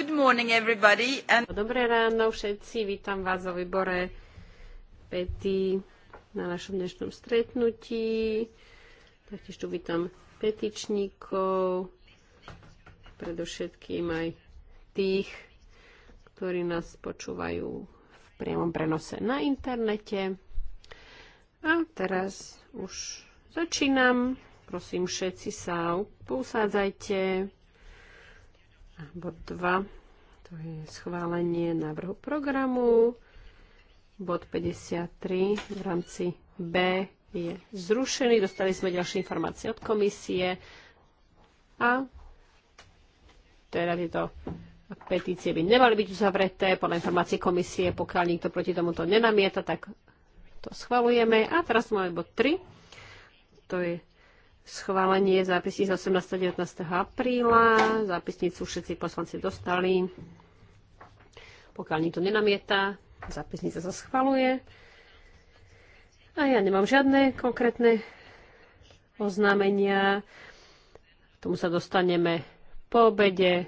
Good morning everybody and... Dobré ráno všetci, vítam vás o výbore Pety na našom dnešnom stretnutí. Taktiež tu vítam petičníkov, predovšetkým aj tých, ktorí nás počúvajú v priamom prenose na internete. A teraz už začínam. Prosím, všetci sa posádzajte bod 2, to je schválenie návrhu programu. Bod 53 v rámci B je zrušený. Dostali sme ďalšie informácie od komisie a teda tieto petície by nemali byť uzavreté. Podľa informácií komisie, pokiaľ nikto proti tomuto nenamieta, tak to schvalujeme. A teraz máme bod 3. To je schválenie z 18. 19. apríla. Zápisnicu všetci poslanci dostali. Pokiaľ nikto nenamieta, zápisnica sa schvaluje. A ja nemám žiadne konkrétne oznámenia. K tomu sa dostaneme po obede.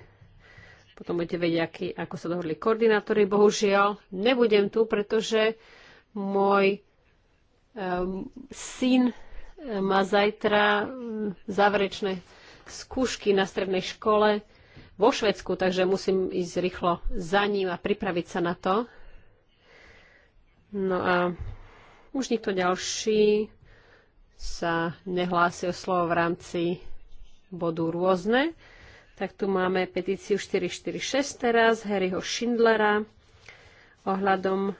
Potom budete vedieť, aký, ako sa dohodli koordinátori. Bohužiaľ, nebudem tu, pretože môj um, syn má zajtra mm, záverečné skúšky na strednej škole vo Švedsku, takže musím ísť rýchlo za ním a pripraviť sa na to. No a už nikto ďalší sa nehlási o slovo v rámci bodu rôzne. Tak tu máme petíciu 446 teraz Harryho Schindlera ohľadom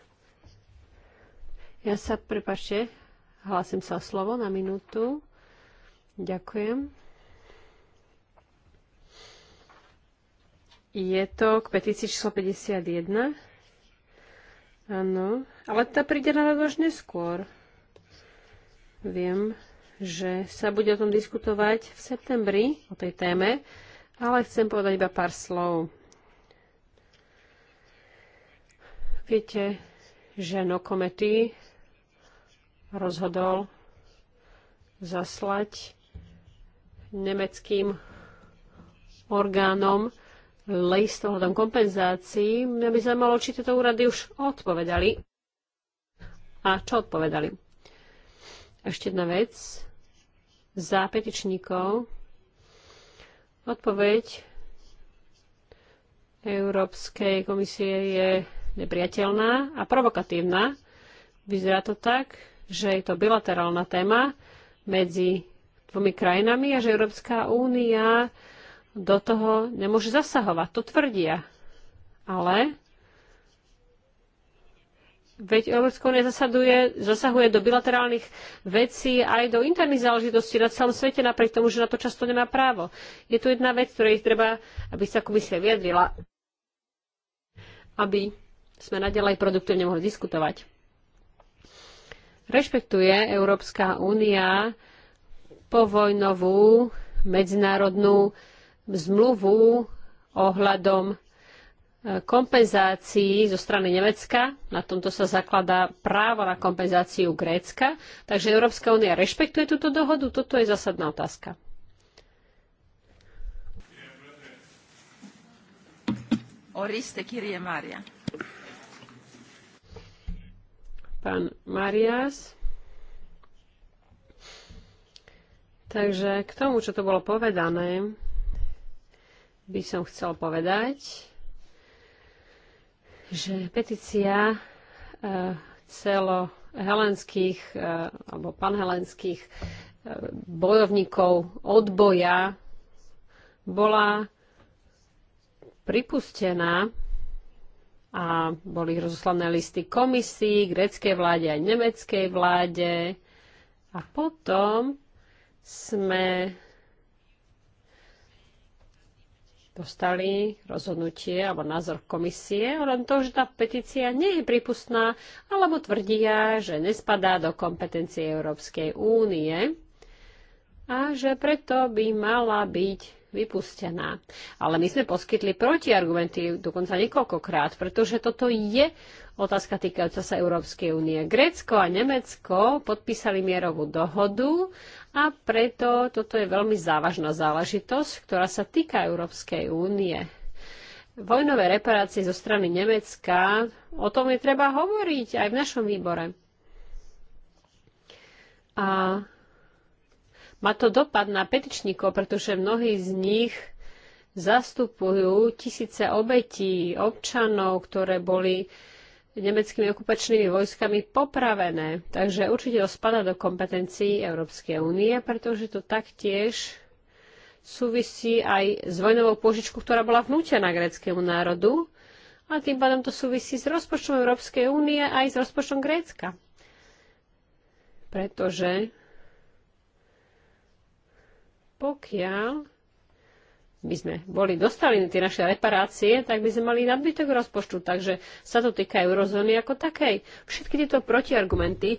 ja sa, prepáčte, Hlásim sa slovo na minútu. Ďakujem. Je to k petícii číslo 51. Áno, ale tá príde na rado až neskôr. Viem, že sa bude o tom diskutovať v septembri, o tej téme, ale chcem povedať iba pár slov. Viete, že no komety rozhodol zaslať nemeckým orgánom list ohľadom kompenzácií. Mňa by zaujímalo, či tieto úrady už odpovedali. A čo odpovedali? Ešte jedna vec. Za petičníkov odpoveď Európskej komisie je nepriateľná a provokatívna. Vyzerá to tak, že je to bilaterálna téma medzi dvomi krajinami a že Európska únia do toho nemôže zasahovať. To tvrdia. Ale veď Európska únia zasahuje do bilaterálnych vecí aj do interných záležitostí na celom svete, napriek tomu, že na to často nemá právo. Je tu jedna vec, ktorej treba, aby sa komisia vyjadrila, aby sme nadalej produktívne mohli diskutovať rešpektuje Európska únia povojnovú medzinárodnú zmluvu ohľadom e, kompenzácií zo strany Nemecka. Na tomto sa zakladá právo na kompenzáciu Grécka. Takže Európska únia rešpektuje túto dohodu? Toto je zásadná otázka. Oriste, Kyrie Maria pán Marias. Takže k tomu, čo to bolo povedané, by som chcel povedať, že petícia eh, celo helenských eh, alebo panhelenských eh, bojovníkov odboja bola pripustená a boli rozoslané listy komisii, gréckej vláde aj nemeckej vláde. A potom sme dostali rozhodnutie alebo názor komisie o len to, že tá petícia nie je prípustná, alebo tvrdia, že nespadá do kompetencie Európskej únie a že preto by mala byť vypustená. Ale my sme poskytli protiargumenty dokonca niekoľkokrát, pretože toto je otázka týkajúca sa Európskej únie. Grécko a Nemecko podpísali mierovú dohodu a preto toto je veľmi závažná záležitosť, ktorá sa týka Európskej únie. Vojnové reparácie zo strany Nemecka, o tom je treba hovoriť aj v našom výbore. A má to dopad na petičníkov, pretože mnohí z nich zastupujú tisíce obetí občanov, ktoré boli nemeckými okupačnými vojskami popravené. Takže určite to spada do kompetencií Európskej únie, pretože to taktiež súvisí aj s vojnovou požičkou, ktorá bola vnútená gréckému národu a tým pádom to súvisí s rozpočtom Európskej únie aj s rozpočtom Grécka. Pretože pokiaľ by sme boli dostali tie naše reparácie, tak by sme mali nadbytok rozpočtu. Takže sa to týka eurozóny ako takej. Všetky tieto protiargumenty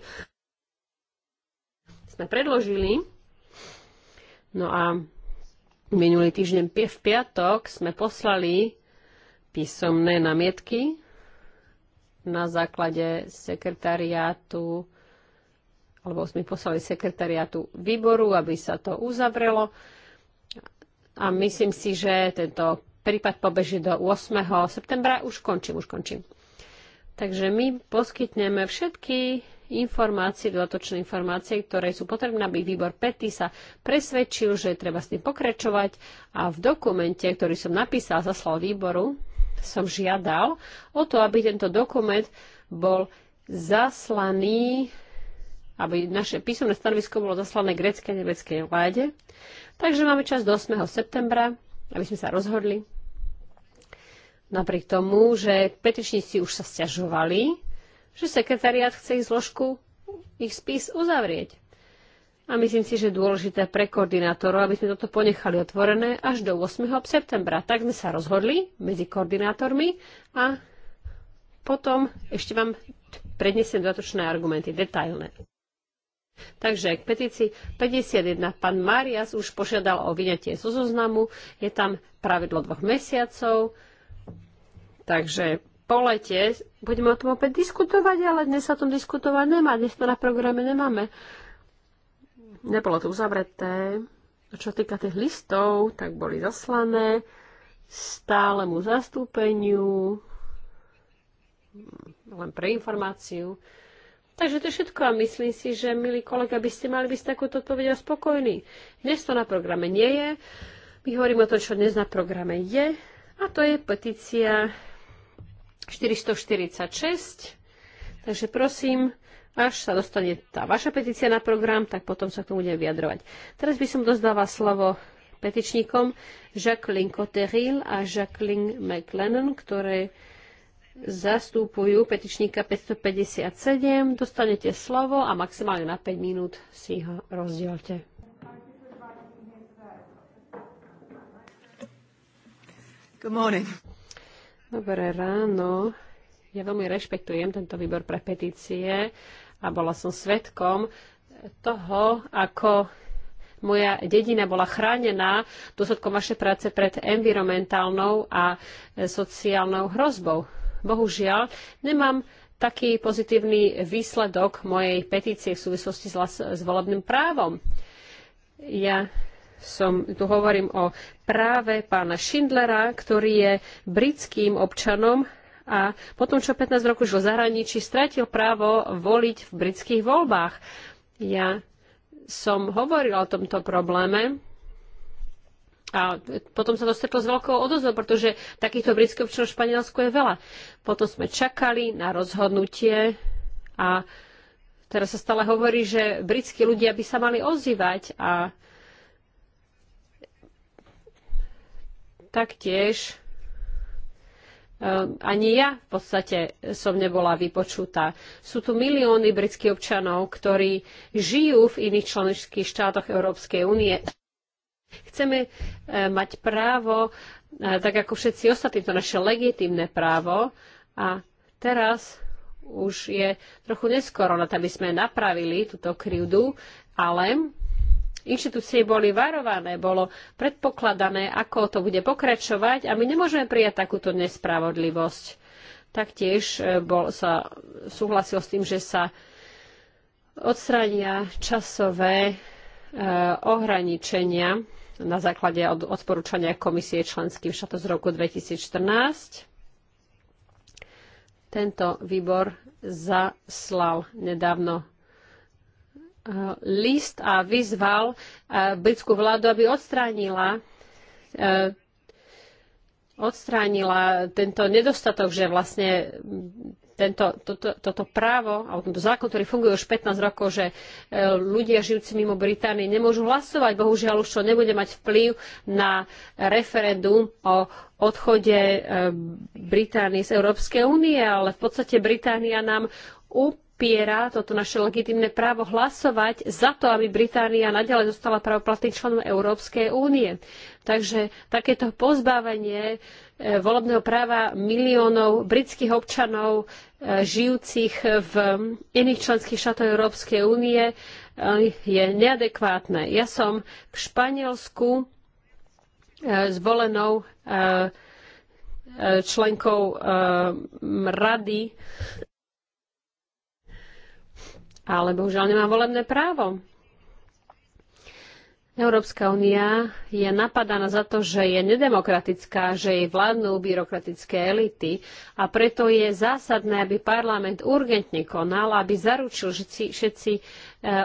sme predložili. No a minulý týždeň v piatok sme poslali písomné namietky na základe sekretariátu alebo sme poslali sekretariatu výboru, aby sa to uzavrelo. A myslím si, že tento prípad pobeží do 8. septembra. Už končím, už končím. Takže my poskytneme všetky informácie, dodatočné informácie, ktoré sú potrebné, aby výbor Pety sa presvedčil, že treba s tým pokračovať. A v dokumente, ktorý som napísal, zaslal výboru, som žiadal o to, aby tento dokument bol zaslaný aby naše písomné stanovisko bolo zaslané greckej a nemeckej vláde. Takže máme čas do 8. septembra, aby sme sa rozhodli. Napriek tomu, že petičníci už sa stiažovali, že sekretariát chce ich zložku, ich spis uzavrieť. A myslím si, že je dôležité pre koordinátorov, aby sme toto ponechali otvorené až do 8. septembra. Tak sme sa rozhodli medzi koordinátormi a potom ešte vám prednesiem dodatočné argumenty, detailné. Takže k petícii 51 pán Marias už požiadal o vyňatie zo zoznamu. Je tam pravidlo dvoch mesiacov. Takže po lete budeme o tom opäť diskutovať, ale dnes sa o tom diskutovať nemá. Dnes to na programe nemáme. Nebolo to uzavreté. Čo týka tých listov, tak boli zaslané stálemu zastúpeniu, len pre informáciu. Takže to je všetko a myslím si, že, milí kolega, by ste mali byť takúto odpovedou spokojní. Dnes to na programe nie je. My hovoríme o tom, čo dnes na programe je. A to je petícia 446. Takže prosím, až sa dostane tá vaša petícia na program, tak potom sa k tomu budem vyjadrovať. Teraz by som dozdala slovo petičníkom Jacqueline Cotteril a Jacqueline McLennan, ktoré zastupujú petičníka 557. Dostanete slovo a maximálne na 5 minút si ho rozdielte. Dobré ráno. Ja veľmi rešpektujem tento výbor pre petície a bola som svetkom toho, ako moja dedina bola chránená dôsledkom vašej práce pred environmentálnou a sociálnou hrozbou. Bohužiaľ, nemám taký pozitívny výsledok mojej petície v súvislosti s, volebným právom. Ja som, tu hovorím o práve pána Schindlera, ktorý je britským občanom a potom, čo 15 rokov žil v zahraničí, stratil právo voliť v britských voľbách. Ja som hovoril o tomto probléme a potom sa to stretlo s veľkou odozvou, pretože takýchto britských občanov v Španielsku je veľa. Potom sme čakali na rozhodnutie a teraz sa stále hovorí, že britskí ľudia by sa mali ozývať a taktiež ehm, ani ja v podstate som nebola vypočutá. Sú tu milióny britských občanov, ktorí žijú v iných členských štátoch Európskej únie Chceme e, mať právo, e, tak ako všetci ostatní, to naše legitímne právo. A teraz už je trochu neskoro na to, aby sme napravili túto krivdu, ale inštitúcie boli varované, bolo predpokladané, ako to bude pokračovať a my nemôžeme prijať takúto nespravodlivosť. Taktiež e, bol, sa súhlasil s tým, že sa odstrania časové e, ohraničenia na základe od, odporúčania komisie členským štátom z roku 2014. Tento výbor zaslal nedávno eh, list a vyzval eh, britskú vládu, aby odstránila eh, odstránila tento nedostatok, že vlastne tento, toto, toto právo, alebo tento zákon, ktorý funguje už 15 rokov, že e, ľudia žijúci mimo Británie nemôžu hlasovať. Bohužiaľ už to nebude mať vplyv na referendum o odchode e, Británie z Európskej únie, ale v podstate Británia nám popiera toto naše legitimné právo hlasovať za to, aby Británia naďalej zostala pravoplatným členom Európskej únie. Takže takéto pozbávanie e, volebného práva miliónov britských občanov e, žijúcich v iných členských štátoch Európskej únie e, je neadekvátne. Ja som v Španielsku zvolenou členkou rady ale nemá volebné právo. Európska únia je napadaná za to, že je nedemokratická, že jej vládnu byrokratické elity a preto je zásadné, aby parlament urgentne konal, aby zaručil, že všetci e,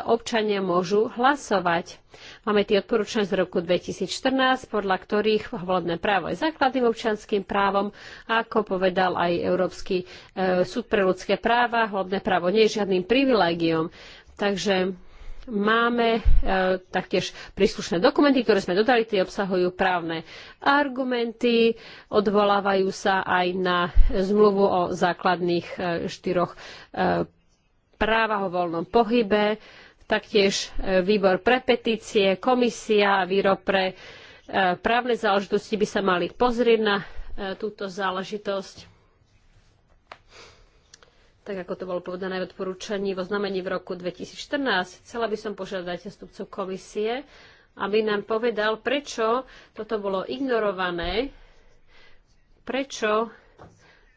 občania môžu hlasovať. Máme tie odporúčania z roku 2014, podľa ktorých volebné právo je základným občanským právom. Ako povedal aj Európsky e, súd pre ľudské práva, volebné právo nie je žiadnym privilégiom. Takže Máme e, taktiež príslušné dokumenty, ktoré sme dodali, tie obsahujú právne argumenty, odvolávajú sa aj na zmluvu o základných e, štyroch e, právach o voľnom pohybe, taktiež e, výbor pre petície, komisia a výro pre e, právne záležitosti by sa mali pozrieť na e, túto záležitosť tak ako to bolo povedané v odporúčaní vo znamení v roku 2014. Chcela by som požiadať zastupcov komisie, aby nám povedal, prečo toto bolo ignorované, prečo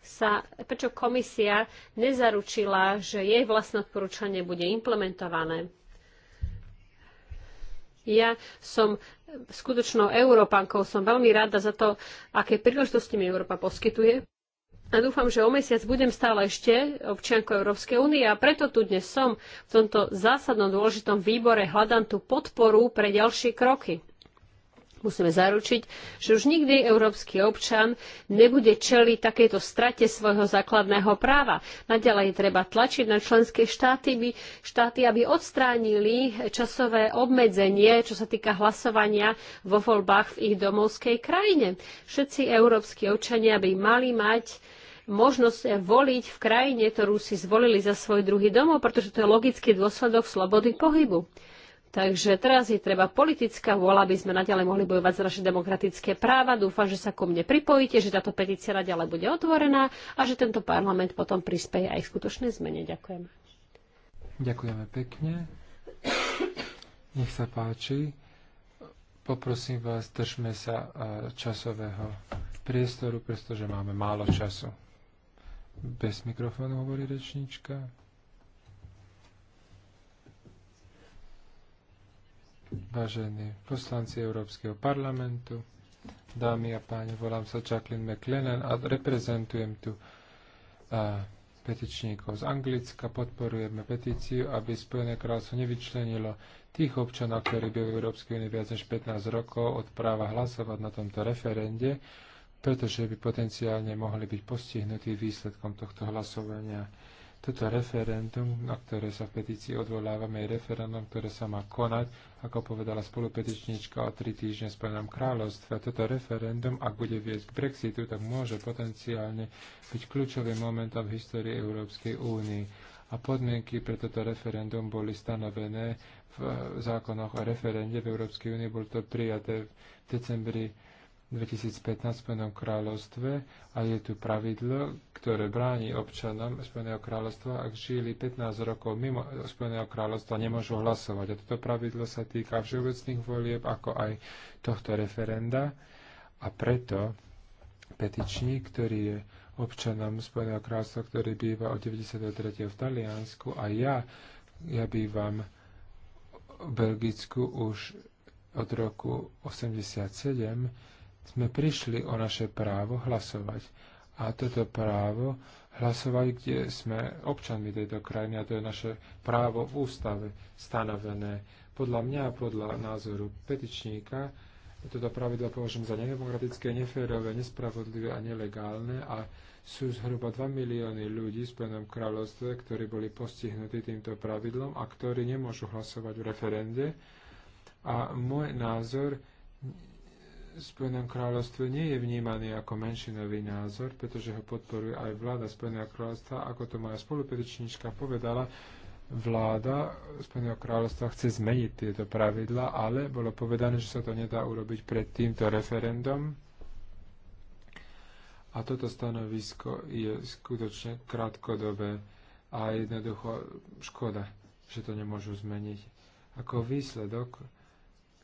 sa, prečo komisia nezaručila, že jej vlastné odporúčanie bude implementované. Ja som skutočnou Európankou, som veľmi rada za to, aké príležitosti mi Európa poskytuje a dúfam, že o mesiac budem stále ešte občiankou Európskej únie a preto tu dnes som v tomto zásadnom dôležitom výbore hľadám tú podporu pre ďalšie kroky. Musíme zaručiť, že už nikdy európsky občan nebude čeliť takejto strate svojho základného práva. Naďalej treba tlačiť na členské štáty, by, štáty, aby odstránili časové obmedzenie, čo sa týka hlasovania vo voľbách v ich domovskej krajine. Všetci európski občania by mali mať možnosť voliť v krajine, ktorú si zvolili za svoj druhý domov, pretože to je logický dôsledok slobody pohybu. Takže teraz je treba politická vôľa, aby sme naďalej mohli bojovať za naše demokratické práva. Dúfam, že sa ku mne pripojíte, že táto petícia naďalej bude otvorená a že tento parlament potom prispieje aj k skutočnej zmene. Ďakujem. Ďakujeme pekne. Nech sa páči. Poprosím vás, držme sa eh, časového priestoru, pretože máme málo času. Bez mikrofónu hovorí rečnička. Vážení poslanci Európskeho parlamentu, dámy a páni, volám sa Jacqueline McLennan a reprezentujem tu a, petičníkov z Anglicka. Podporujeme petíciu, aby Spojené kráľstvo nevyčlenilo tých občanov, ktorí by v Európskej únii viac než 15 rokov od práva hlasovať na tomto referende pretože by potenciálne mohli byť postihnutí výsledkom tohto hlasovania. Toto referendum, na ktoré sa v petícii odvolávame, je referendum, ktoré sa má konať, ako povedala spolupetičnička o tri týždne s Spojenom kráľovstva. Toto referendum, ak bude viesť k Brexitu, tak môže potenciálne byť kľúčovým momentom v histórii Európskej únii. A podmienky pre toto referendum boli stanovené v zákonoch o referende v Európskej únii. Bolo to prijaté v decembri 2015 v Spojenom kráľovstve a je tu pravidlo, ktoré bráni občanom Spojeného kráľovstva, ak žili 15 rokov mimo Spojeného kráľovstva, nemôžu hlasovať. A toto pravidlo sa týka všeobecných volieb, ako aj tohto referenda. A preto petičník, ktorý je občanom Spojeného kráľovstva, ktorý býva od 93. v Taliansku a ja, ja bývam v Belgicku už od roku 87, sme prišli o naše právo hlasovať. A toto právo hlasovať, kde sme občanmi tejto krajiny a to je naše právo v ústave stanovené. Podľa mňa a podľa názoru petičníka toto pravidlo považujem za nedemokratické, neférové, nespravodlivé a nelegálne a sú zhruba 2 milióny ľudí v Spojenom kráľovstve, ktorí boli postihnutí týmto pravidlom a ktorí nemôžu hlasovať v referende. A môj názor Spojenom kráľovstva nie je vnímaný ako menšinový názor, pretože ho podporuje aj vláda Spojeného kráľovstva. Ako to moja spolupredičníčka povedala, vláda Spojeného kráľovstva chce zmeniť tieto pravidla, ale bolo povedané, že sa to nedá urobiť pred týmto referendum. A toto stanovisko je skutočne krátkodobé a jednoducho škoda, že to nemôžu zmeniť. Ako výsledok,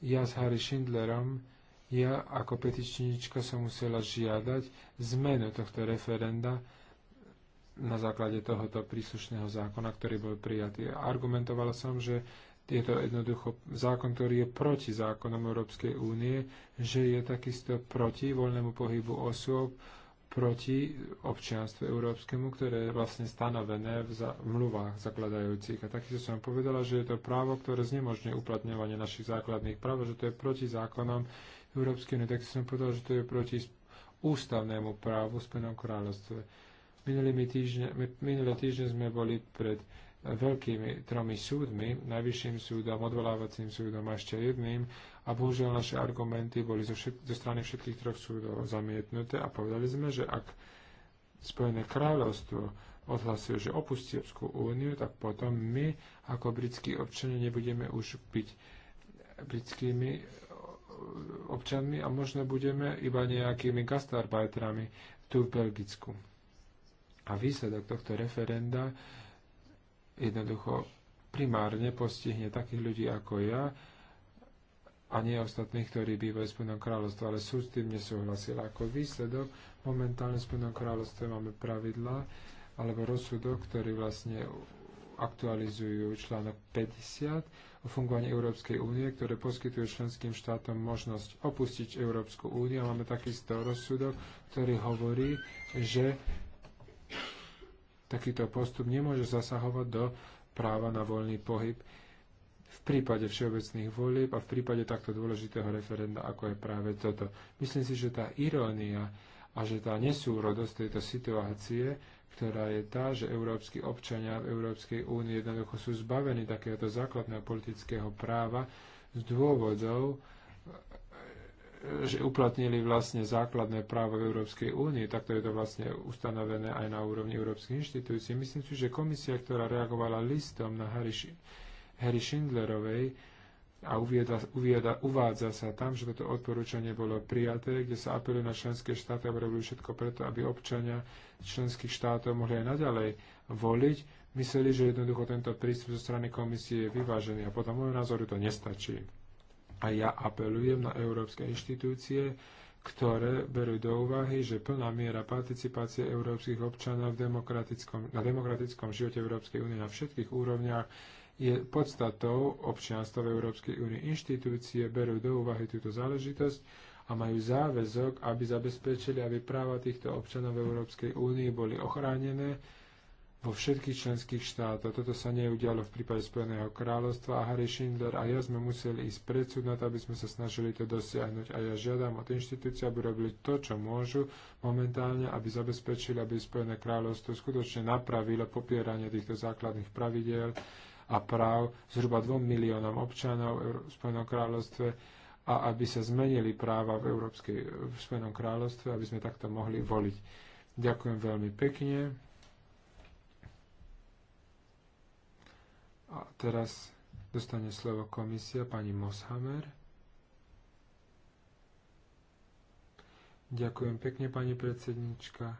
ja s Harry Schindlerom ja ako petičníčka som musela žiadať zmenu tohto referenda na základe tohoto príslušného zákona, ktorý bol prijatý. Argumentovala som, že je to jednoducho zákon, ktorý je proti zákonom Európskej únie, že je takisto proti voľnému pohybu osôb, proti občianstvu európskemu, ktoré je vlastne stanovené v mluvách zakladajúcich. A takisto som povedala, že je to právo, ktoré znemožňuje uplatňovanie našich základných práv, že to je proti zákonom Európskej únie, tak som povedal, že to je proti ústavnému právu v Spojenom kráľovstve. Minulý týždeň, minulé sme boli pred veľkými tromi súdmi, najvyšším súdom, odvolávacím súdom a ešte jedným a bohužiaľ naše argumenty boli zo, všet, zo strany všetkých troch súdov zamietnuté a povedali sme, že ak Spojené kráľovstvo odhlasuje, že opustí Európsku úniu, tak potom my ako britskí občania nebudeme už byť britskými občanmi a možno budeme iba nejakými gastarbajtrami tu v Belgicku. A výsledok tohto referenda jednoducho primárne postihne takých ľudí ako ja a nie ostatných, ktorí bývajú v Spojenom kráľovstve, ale sú s tým nesúhlasila. Ako výsledok momentálne v Spojenom kráľovstve máme pravidla alebo rozsudok, ktorý vlastne aktualizujú článok 50 o fungovaní Európskej únie, ktoré poskytuje členským štátom možnosť opustiť Európsku úniu. Máme takisto rozsudok, ktorý hovorí, že takýto postup nemôže zasahovať do práva na voľný pohyb v prípade všeobecných volieb a v prípade takto dôležitého referenda, ako je práve toto. Myslím si, že tá irónia a že tá nesúrodosť tejto situácie ktorá je tá, že európsky občania v Európskej únii jednoducho sú zbavení takéhoto základného politického práva z dôvodov, že uplatnili vlastne základné právo v Európskej únii, takto je to vlastne ustanovené aj na úrovni európskych inštitúcií. Myslím si, že komisia, ktorá reagovala listom na Harry, Harry Schindlerovej, a uviedla, uviedla, uvádza sa tam, že toto odporúčanie bolo prijaté, kde sa apeluje na členské štáty, aby robili všetko preto, aby občania členských štátov mohli aj naďalej voliť. Mysleli, že jednoducho tento prístup zo strany komisie je vyvážený a podľa môjho názoru to nestačí. A ja apelujem na európske inštitúcie, ktoré berú do úvahy, že plná miera participácie európskych občanov v demokratickom, na demokratickom živote Európskej únie na všetkých úrovniach je podstatou občianstva v Európskej únie. Inštitúcie berú do úvahy túto záležitosť a majú záväzok, aby zabezpečili, aby práva týchto občanov v Európskej únii boli ochránené vo všetkých členských štátoch. Toto sa neudialo v prípade Spojeného kráľovstva a Harry Schindler a ja sme museli ísť pred súd na to, aby sme sa snažili to dosiahnuť. A ja žiadam od inštitúcií, aby robili to, čo môžu momentálne, aby zabezpečili, aby Spojené kráľovstvo skutočne napravilo popieranie týchto základných pravidiel a práv zhruba 2 miliónom občanov v Spojenom kráľovstve a aby sa zmenili práva v, Európskej, v Spojenom kráľovstve, aby sme takto mohli voliť. Ďakujem veľmi pekne. A teraz dostane slovo komisia pani Moshammer. Ďakujem pekne, pani predsednička.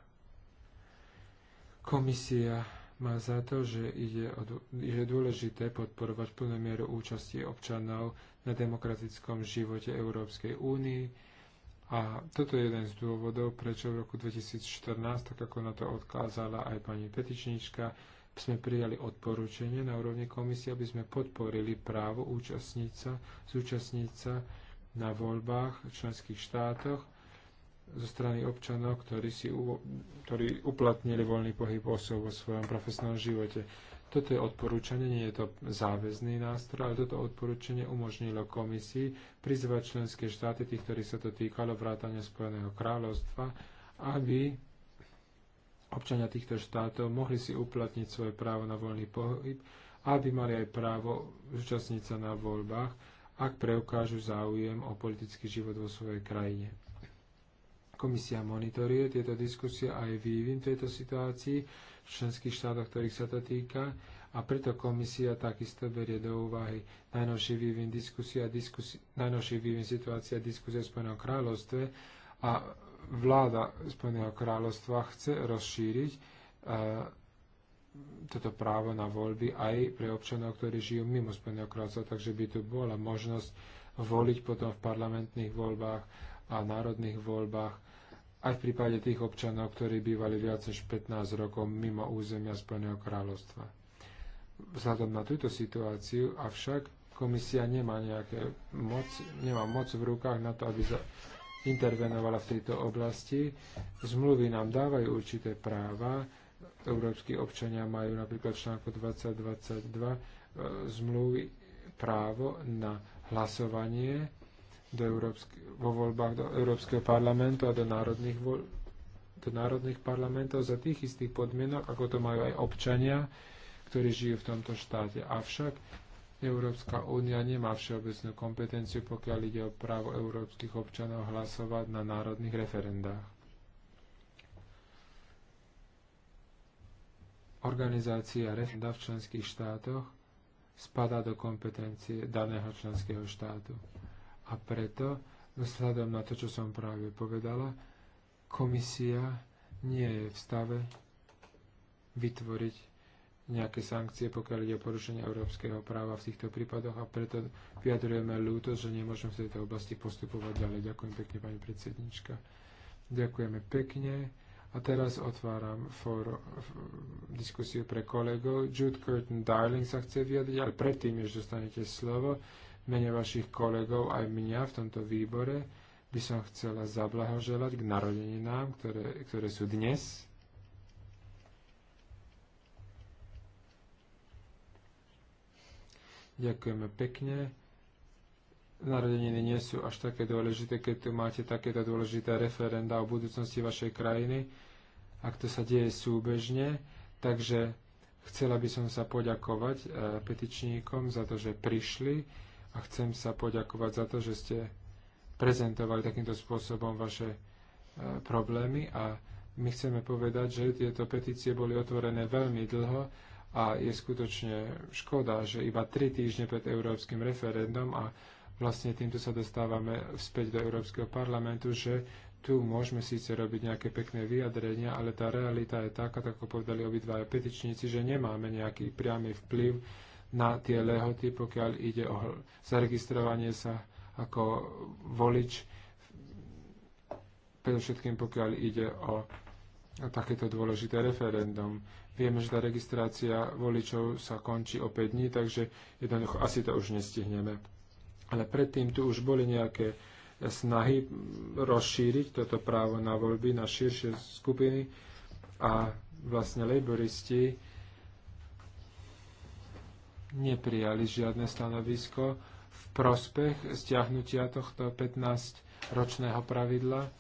Komisia má za to, že, ide o, že je dôležité podporovať plnú mieru účasti občanov na demokratickom živote Európskej únii. A toto je jeden z dôvodov, prečo v roku 2014, tak ako na to odkázala aj pani petičnička, sme prijali odporúčanie na úrovni komisie, aby sme podporili právo účastníca, zúčastníca na voľbách v členských štátoch zo strany občanov, ktorí, si, ktorí uplatnili voľný pohyb osôb vo svojom profesnom živote. Toto je odporúčanie, nie je to záväzný nástroj, ale toto odporúčanie umožnilo komisii prizvať členské štáty, tých, ktorých sa to týkalo, vrátania Spojeného kráľovstva, aby občania týchto štátov mohli si uplatniť svoje právo na voľný pohyb, aby mali aj právo zúčastniť sa na voľbách, ak preukážu záujem o politický život vo svojej krajine. Komisia monitoruje tieto diskusie aj vývin tejto situácii v členských štátoch, ktorých sa to týka a preto komisia takisto berie do úvahy najnovší vývin diskusie a diskusie, najnovší vývin situácia a diskusie v Spojenom kráľovstve a vláda Spojeného kráľovstva chce rozšíriť e, toto právo na voľby aj pre občanov, ktorí žijú mimo Spojeného kráľovstva, takže by tu bola možnosť voliť potom v parlamentných voľbách a národných voľbách aj v prípade tých občanov, ktorí bývali viac než 15 rokov mimo územia Spojeného kráľovstva. Vzhľadom na túto situáciu avšak komisia nemá nejaké moc, nemá moc v rukách na to, aby intervenovala v tejto oblasti. Zmluvy nám dávajú určité práva. Európsky občania majú napríklad v článku 2022 e, zmluvy právo na hlasovanie do vo voľbách do Európskeho parlamentu a do národných, voľ, do národných parlamentov za tých istých podmienok, ako to majú aj občania, ktorí žijú v tomto štáte. Avšak Európska únia nemá všeobecnú kompetenciu, pokiaľ ide o právo európskych občanov hlasovať na národných referendách. Organizácia referenda v členských štátoch spadá do kompetencie daného členského štátu. A preto, vzhľadom na to, čo som práve povedala, komisia nie je v stave vytvoriť nejaké sankcie, pokiaľ ide o porušenie európskeho práva v týchto prípadoch a preto vyjadrujeme ľútosť, že nemôžeme v tejto oblasti postupovať ďalej. Ďakujem pekne, pani predsednička. Ďakujeme pekne. A teraz otváram for, diskusiu pre kolegov. Jude Curtin Darling sa chce vyjadriť, ale predtým, než dostanete slovo, mene vašich kolegov aj mňa v tomto výbore by som chcela zablahoželať k narodeninám, ktoré, ktoré sú dnes. Ďakujeme pekne. Narodeniny nie sú až také dôležité, keď tu máte takéto dôležité referenda o budúcnosti vašej krajiny, ak to sa deje súbežne. Takže chcela by som sa poďakovať e, petičníkom za to, že prišli a chcem sa poďakovať za to, že ste prezentovali takýmto spôsobom vaše e, problémy a my chceme povedať, že tieto petície boli otvorené veľmi dlho a je skutočne škoda, že iba tri týždne pred európskym referendum a vlastne týmto sa dostávame späť do Európskeho parlamentu, že tu môžeme síce robiť nejaké pekné vyjadrenia, ale tá realita je taká, tak ako povedali obidvaja petičníci, že nemáme nejaký priamy vplyv na tie lehoty, pokiaľ ide o zaregistrovanie sa ako volič, predovšetkým pokiaľ ide o takéto dôležité referendum. Vieme, že tá registrácia voličov sa končí o 5 dní, takže jednoducho asi to už nestihneme. Ale predtým tu už boli nejaké snahy rozšíriť toto právo na voľby na širšie skupiny a vlastne laboristi neprijali žiadne stanovisko v prospech stiahnutia tohto 15-ročného pravidla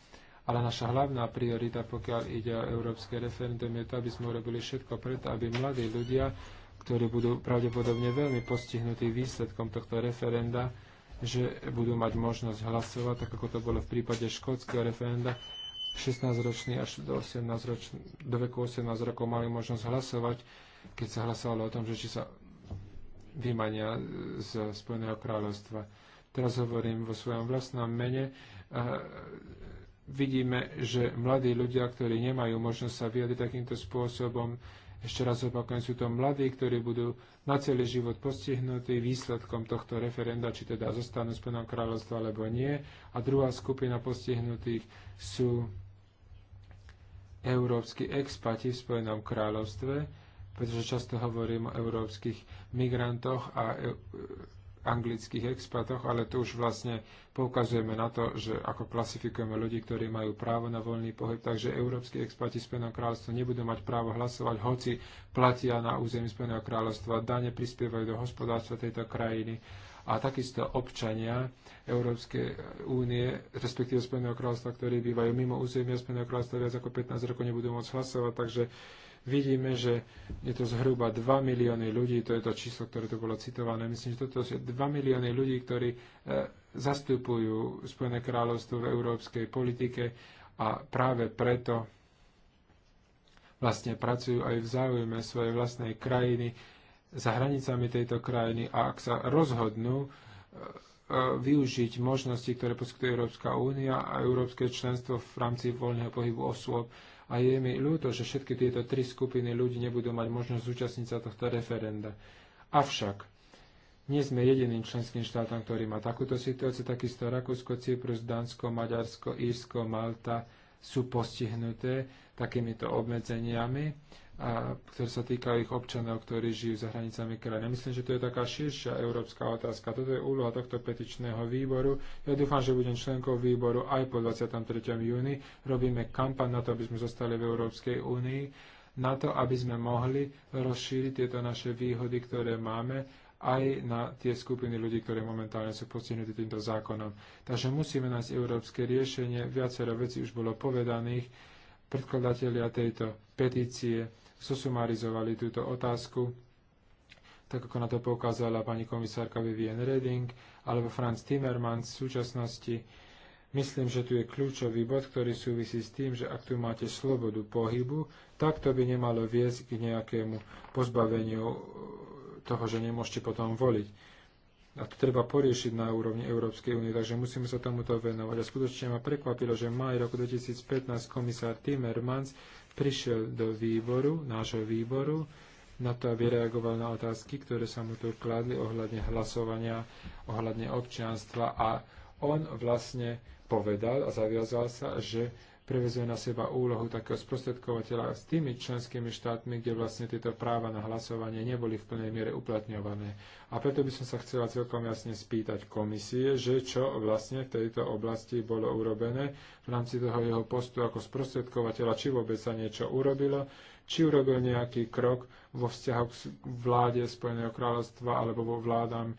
ale naša hlavná priorita, pokiaľ ide o európske referendum, je to, aby sme urobili všetko preto, aby mladí ľudia, ktorí budú pravdepodobne veľmi postihnutí výsledkom tohto referenda, že budú mať možnosť hlasovať, tak ako to bolo v prípade škótskeho referenda. 16-roční až do, 18 ročný, do veku 18 rokov mali možnosť hlasovať, keď sa hlasovalo o tom, že či sa vymania z Spojeného kráľovstva. Teraz hovorím vo svojom vlastnom mene vidíme, že mladí ľudia, ktorí nemajú možnosť sa vyjadriť takýmto spôsobom, ešte raz opakujem, sú to mladí, ktorí budú na celý život postihnutí výsledkom tohto referenda, či teda zostanú s Spojenom kráľovstva alebo nie. A druhá skupina postihnutých sú európsky expati v Spojenom kráľovstve, pretože často hovorím o európskych migrantoch a anglických expatoch, ale tu už vlastne poukazujeme na to, že ako klasifikujeme ľudí, ktorí majú právo na voľný pohyb, takže európsky expati Spojeného kráľovstva nebudú mať právo hlasovať, hoci platia na území Spojeného kráľovstva, dane prispievajú do hospodárstva tejto krajiny a takisto občania Európskej únie, respektíve Spojeného kráľovstva, ktorí bývajú mimo územia Spojeného kráľovstva viac ako 15 rokov nebudú môcť hlasovať, takže vidíme, že je to zhruba 2 milióny ľudí, to je to číslo, ktoré tu bolo citované, myslím, že toto sú 2 milióny ľudí, ktorí e, zastupujú Spojené kráľovstvo v európskej politike a práve preto vlastne pracujú aj v záujme svojej vlastnej krajiny, za hranicami tejto krajiny a ak sa rozhodnú e, e, využiť možnosti, ktoré poskytuje Európska únia a európske členstvo v rámci voľného pohybu osôb, a je mi ľúto, že všetky tieto tri skupiny ľudí nebudú mať možnosť zúčastniť sa tohto referenda. Avšak, nie sme jediným členským štátom, ktorý má takúto situáciu, takisto Rakúsko, Cyprus, Dánsko, Maďarsko, Írsko, Malta, sú postihnuté takýmito obmedzeniami, a, ktoré sa týkajú ich občanov, ktorí žijú za hranicami krajiny. Myslím, že to je taká širšia európska otázka. Toto je úloha tohto petičného výboru. Ja dúfam, že budem členkou výboru aj po 23. júni. Robíme kampaň na to, aby sme zostali v Európskej únii na to, aby sme mohli rozšíriť tieto naše výhody, ktoré máme aj na tie skupiny ľudí, ktoré momentálne sú postihnuté týmto zákonom. Takže musíme nájsť európske riešenie. Viacero vecí už bolo povedaných. Predkladatelia tejto petície susumarizovali túto otázku, tak ako na to poukázala pani komisárka Vivienne Reding alebo Franz Timmermans v súčasnosti. Myslím, že tu je kľúčový bod, ktorý súvisí s tým, že ak tu máte slobodu pohybu, tak to by nemalo viesť k nejakému pozbaveniu toho, že nemôžete potom voliť. A to treba poriešiť na úrovni Európskej únie, takže musíme sa tomuto venovať. A skutočne ma prekvapilo, že v maj roku 2015 komisár Timmermans prišiel do výboru, nášho výboru, na to, aby reagoval na otázky, ktoré sa mu tu kladli ohľadne hlasovania, ohľadne občianstva a on vlastne povedal a zaviazal sa, že prevezuje na seba úlohu takého sprostredkovateľa s tými členskými štátmi, kde vlastne tieto práva na hlasovanie neboli v plnej miere uplatňované. A preto by som sa chcela celkom jasne spýtať komisie, že čo vlastne v tejto oblasti bolo urobené v rámci toho jeho postu ako sprostredkovateľa, či vôbec sa niečo urobilo, či urobil nejaký krok vo vzťahu k vláde Spojeného kráľovstva alebo vo vládam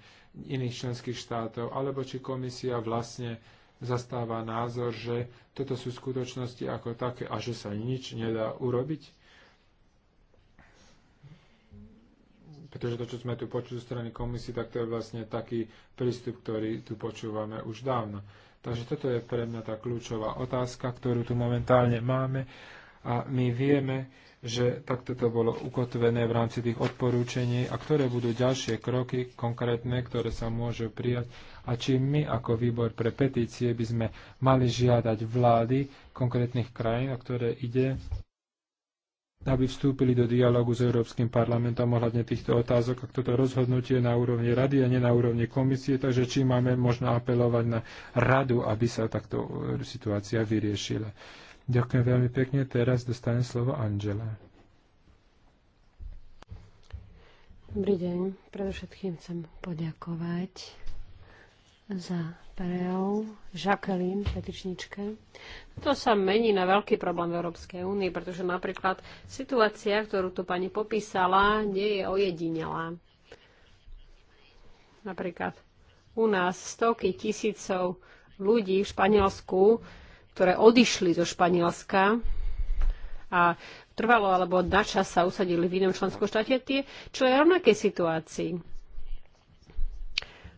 iných členských štátov, alebo či komisia vlastne zastáva názor, že toto sú skutočnosti ako také a že sa nič nedá urobiť? Pretože to, čo sme tu počuli zo strany komisie, tak to je vlastne taký prístup, ktorý tu počúvame už dávno. Takže toto je pre mňa tá kľúčová otázka, ktorú tu momentálne máme a my vieme, že takto to bolo ukotvené v rámci tých odporúčení a ktoré budú ďalšie kroky konkrétne, ktoré sa môžu prijať a či my ako výbor pre petície by sme mali žiadať vlády konkrétnych krajín, o ktoré ide, aby vstúpili do dialogu s Európskym parlamentom ohľadne týchto otázok, ak toto rozhodnutie na úrovni rady a nie na úrovni komisie, takže či máme možno apelovať na radu, aby sa takto e, situácia vyriešila. Ďakujem veľmi pekne. Teraz dostane slovo Angela. Dobrý deň. Predovšetkým chcem poďakovať za prejav Jacqueline, petičničke. To sa mení na veľký problém v Európskej únii, pretože napríklad situácia, ktorú tu pani popísala, nie je ojedinelá. Napríklad u nás stovky tisícov ľudí v Španielsku ktoré odišli zo Španielska a trvalo alebo na čas sa usadili v inom členskom štáte, tie, čo je rovnakej situácii.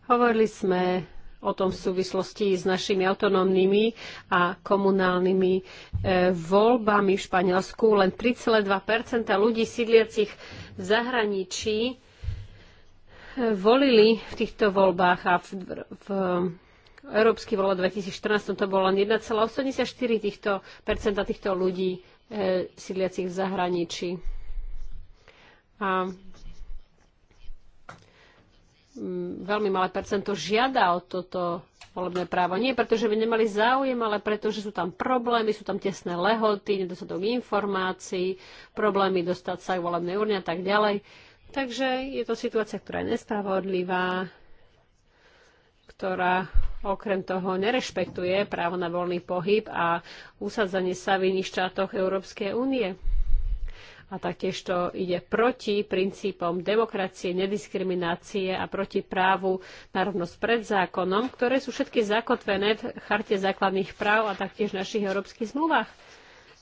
Hovorili sme o tom v súvislosti s našimi autonómnymi a komunálnymi e, voľbami v Španielsku. Len 3,2 ľudí sídliacich v zahraničí e, volili v týchto voľbách a v, v, európsky voľa 2014 to bolo len 1,84 týchto, percenta týchto ľudí e, sídliacich v zahraničí. A mm, veľmi malé percento žiada o toto volebné právo. Nie preto, že by nemali záujem, ale preto, že sú tam problémy, sú tam tesné lehoty, nedostatok informácií, problémy dostať sa k volebnej urne a tak ďalej. Takže je to situácia, ktorá je nespravodlivá, ktorá okrem toho nerešpektuje právo na voľný pohyb a usadzanie sa v iných štátoch Európskej únie. A taktiež to ide proti princípom demokracie, nediskriminácie a proti právu na rovnosť pred zákonom, ktoré sú všetky zakotvené v Charte základných práv a taktiež v našich európskych zmluvách.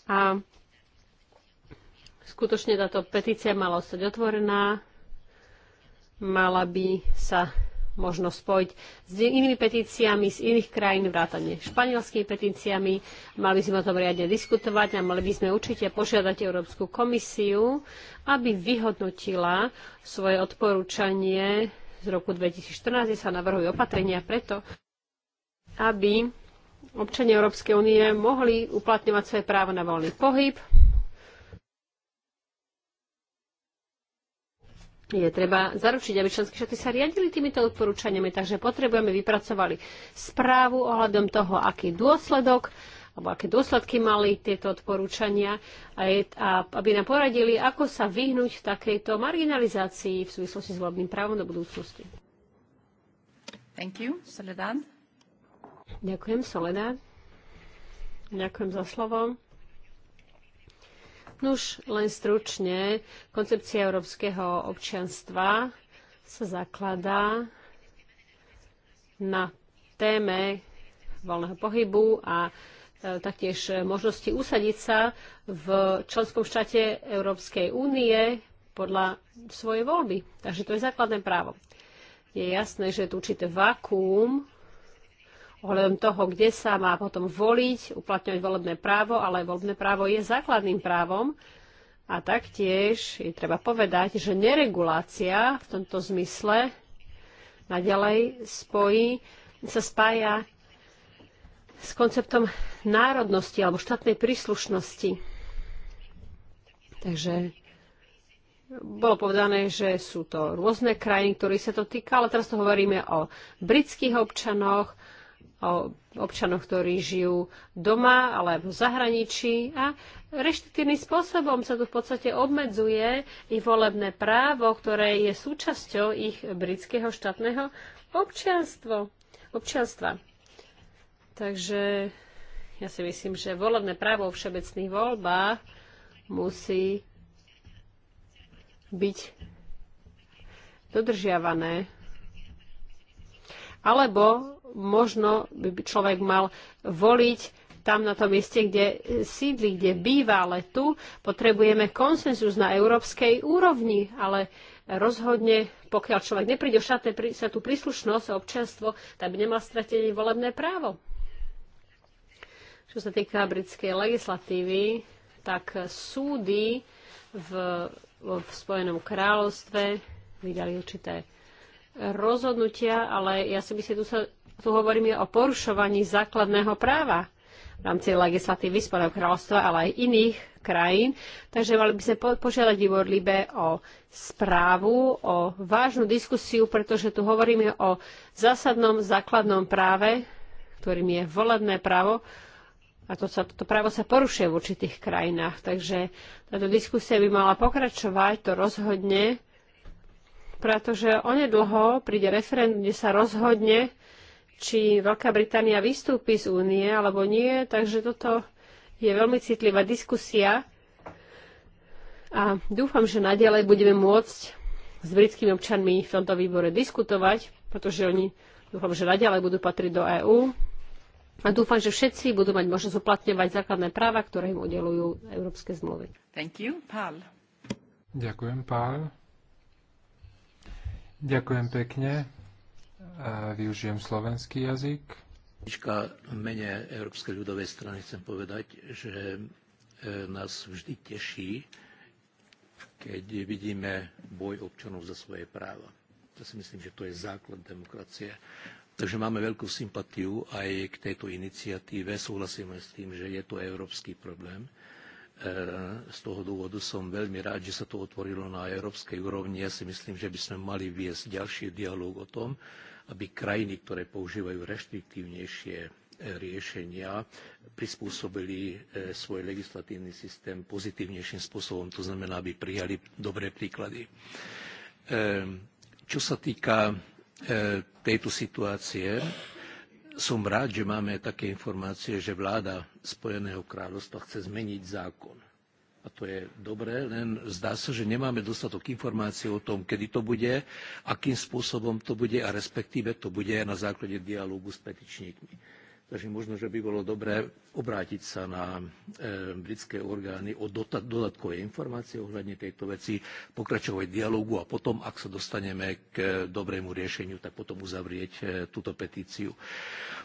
A skutočne táto petícia mala ostať otvorená, mala by sa možno spojiť s inými petíciami z iných krajín, vrátane španielskými petíciami. Mali by sme o tom riadne diskutovať a mali by sme určite požiadať Európsku komisiu, aby vyhodnotila svoje odporúčanie z roku 2014, kde sa navrhujú opatrenia preto, aby občania Európskej únie mohli uplatňovať svoje právo na voľný pohyb, je treba zaručiť, aby členské štáty sa riadili týmito odporúčaniami, takže potrebujeme vypracovali správu ohľadom toho, aký dôsledok alebo aké dôsledky mali tieto odporúčania a, je, a aby nám poradili, ako sa vyhnúť v takejto marginalizácii v súvislosti s voľbným právom do budúcnosti. Thank you, Soledad. Ďakujem, Soledad. Ďakujem za slovo. Nuž len stručne, koncepcia európskeho občianstva sa zakladá na téme voľného pohybu a e, taktiež možnosti usadiť sa v členskom štáte Európskej únie podľa svojej voľby. Takže to je základné právo. Je jasné, že je tu určité vakuum ohľadom toho, kde sa má potom voliť, uplatňovať volebné právo, ale volebné právo je základným právom. A taktiež je treba povedať, že neregulácia v tomto zmysle naďalej spojí, sa spája s konceptom národnosti alebo štátnej príslušnosti. Takže bolo povedané, že sú to rôzne krajiny, ktorých sa to týka, ale teraz to hovoríme o britských občanoch, o občanoch, ktorí žijú doma alebo v zahraničí a reštriktívnym spôsobom sa tu v podstate obmedzuje ich volebné právo, ktoré je súčasťou ich britského štátneho občianstvo, občianstva. Takže ja si myslím, že volebné právo v všeobecných voľbách musí byť dodržiavané alebo možno by človek mal voliť tam na tom mieste, kde sídli, kde býva, ale tu potrebujeme konsenzus na európskej úrovni, ale rozhodne, pokiaľ človek nepríde o šaté sa tú príslušnosť a občanstvo, tak by nemal stratené volebné právo. Čo sa týka britskej legislatívy, tak súdy v, v Spojenom kráľovstve vydali určité rozhodnutia, ale ja si myslím, tu, sa, tu hovoríme o porušovaní základného práva v rámci legislatívy Spodného kráľovstva, ale aj iných krajín. Takže mali by sme požiadať výbor Libe o správu, o vážnu diskusiu, pretože tu hovoríme o zásadnom základnom práve, ktorým je volebné právo, a to, sa, to právo sa porušuje v určitých krajinách. Takže táto diskusia by mala pokračovať, to rozhodne pretože onedlho príde referendum, kde sa rozhodne, či Veľká Británia vystúpi z únie alebo nie, takže toto je veľmi citlivá diskusia a dúfam, že naďalej budeme môcť s britskými občanmi v tomto výbore diskutovať, pretože oni dúfam, že naďalej budú patriť do EÚ a dúfam, že všetci budú mať možnosť uplatňovať základné práva, ktoré im udelujú európske zmluvy. Thank you. Pál. Ďakujem, Pál. Ďakujem pekne. A využijem slovenský jazyk. V mene Európskej ľudovej strany chcem povedať, že e, nás vždy teší, keď vidíme boj občanov za svoje práva. Ja si myslím, že to je základ demokracie. Takže máme veľkú sympatiu aj k tejto iniciatíve. Súhlasíme s tým, že je to európsky problém E, z toho dôvodu som veľmi rád, že sa to otvorilo na európskej úrovni. Ja si myslím, že by sme mali viesť ďalší dialog o tom, aby krajiny, ktoré používajú reštriktívnejšie e, riešenia, prispôsobili e, svoj legislatívny systém pozitívnejším spôsobom. To znamená, aby prijali dobré príklady. Čo sa týka tejto situácie, som rád, že máme také informácie, že vláda Spojeného kráľovstva chce zmeniť zákon. A to je dobré, len zdá sa, že nemáme dostatok informácií o tom, kedy to bude, akým spôsobom to bude a respektíve to bude na základe dialógu s petičníkmi. Takže možno, že by bolo dobré obrátiť sa na e, britské orgány o dodatkové informácie ohľadne tejto veci, pokračovať dialogu a potom, ak sa dostaneme k dobrému riešeniu, tak potom uzavrieť e, túto petíciu.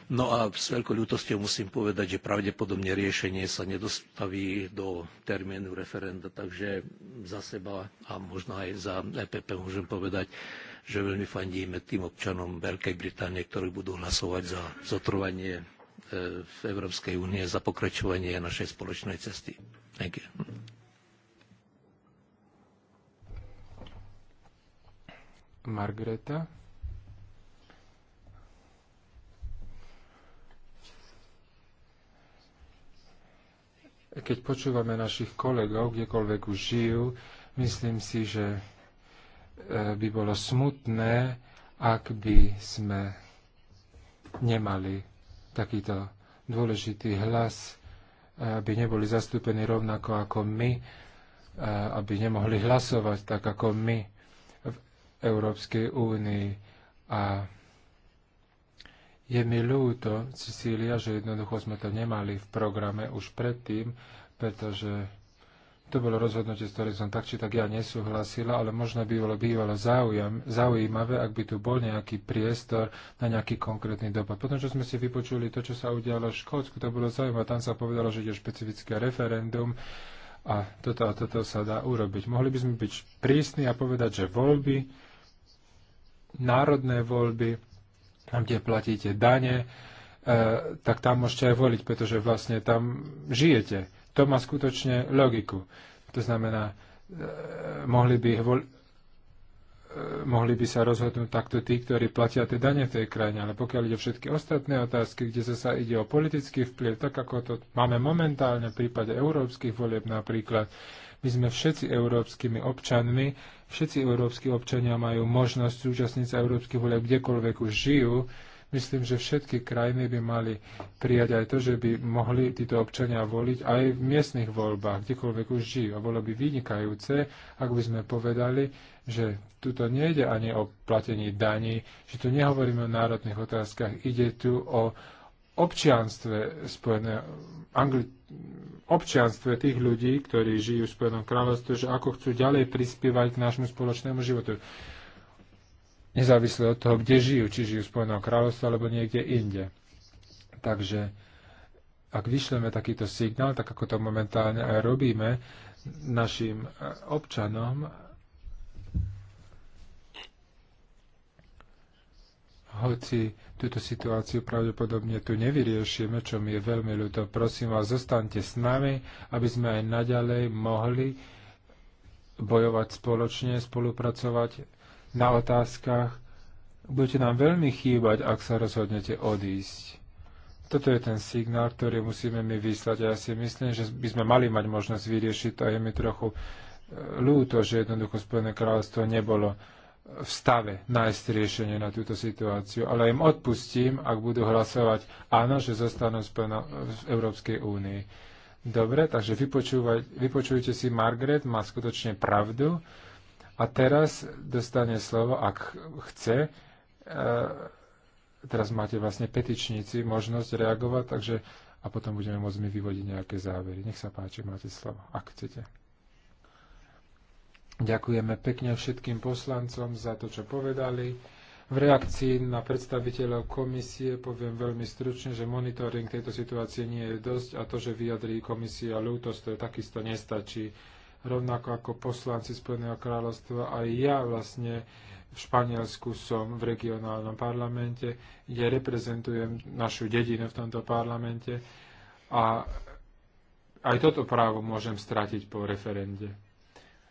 No a s veľkou ľutosťou musím povedať, že pravdepodobne riešenie sa nedostaví do termínu referenda, takže za seba a možno aj za EPP môžem povedať, že veľmi fandíme tým občanom Veľkej Británie, ktorí budú hlasovať za zotrovanie. E, v Európskej únie za pokračovanie našej spoločnej cesty. Thank you. Margreta. Keď počúvame našich kolegov, kdekoľvek už žijú, myslím si, že e, by bolo smutné, ak by sme nemali takýto dôležitý hlas, aby neboli zastúpení rovnako ako my, aby nemohli hlasovať tak ako my v Európskej únii. A je mi ľúto, Cecília, že jednoducho sme to nemali v programe už predtým, pretože to bolo rozhodnutie, s ktorým som tak či tak ja nesúhlasila, ale možno by bolo bývalo zaujímavé, ak by tu bol nejaký priestor na nejaký konkrétny dopad. Potom, čo sme si vypočuli to, čo sa udialo v Škótsku, to bolo zaujímavé. Tam sa povedalo, že ide špecifické referendum a toto a toto sa dá urobiť. Mohli by sme byť prísni a povedať, že voľby, národné voľby, tam, kde platíte dane, eh, tak tam môžete aj voliť, pretože vlastne tam žijete to má skutočne logiku. To znamená, e, mohli by, e, mohli by sa rozhodnúť takto tí, ktorí platia tie dane v tej krajine. Ale pokiaľ ide o všetky ostatné otázky, kde sa ide o politický vplyv, tak ako to máme momentálne v prípade európskych volieb napríklad, my sme všetci európskymi občanmi, všetci európsky občania majú možnosť zúčastniť sa európskych volieb kdekoľvek už žijú, Myslím, že všetky krajiny by mali prijať aj to, že by mohli títo občania voliť aj v miestnych voľbách, kdekoľvek už žijú. A bolo by vynikajúce, ak by sme povedali, že tu to nejde ani o platení daní, že tu nehovoríme o národných otázkach, ide tu o občianstve spojené, angli, občianstve tých ľudí, ktorí žijú v Spojenom kráľovstve, že ako chcú ďalej prispievať k nášmu spoločnému životu nezávisle od toho, kde žijú, či žijú v Spojenom kráľovstve alebo niekde inde. Takže ak vyšleme takýto signál, tak ako to momentálne aj robíme našim občanom, hoci túto situáciu pravdepodobne tu nevyriešime, čo mi je veľmi ľúto, prosím vás, zostaňte s nami, aby sme aj naďalej mohli bojovať spoločne, spolupracovať na otázkach. Budete nám veľmi chýbať, ak sa rozhodnete odísť. Toto je ten signál, ktorý musíme my vyslať a ja si myslím, že by sme mali mať možnosť vyriešiť to a je mi trochu e, ľúto, že jednoducho Spojené kráľovstvo nebolo v stave nájsť riešenie na túto situáciu, ale im odpustím, ak budú hlasovať áno, že zostanú v Európskej únii. Dobre, takže vypočujte si, Margaret má skutočne pravdu. A teraz dostane slovo, ak chce, e, teraz máte vlastne petičníci možnosť reagovať, takže a potom budeme môcť my vyvodiť nejaké závery. Nech sa páči, máte slovo, ak chcete. Ďakujeme pekne všetkým poslancom za to, čo povedali. V reakcii na predstaviteľov komisie poviem veľmi stručne, že monitoring tejto situácie nie je dosť a to, že vyjadrí komisia ľútosť, to je takisto nestačí rovnako ako poslanci Spojeného kráľovstva, aj ja vlastne v Španielsku som v regionálnom parlamente, kde reprezentujem našu dedinu v tomto parlamente a aj toto právo môžem stratiť po referende.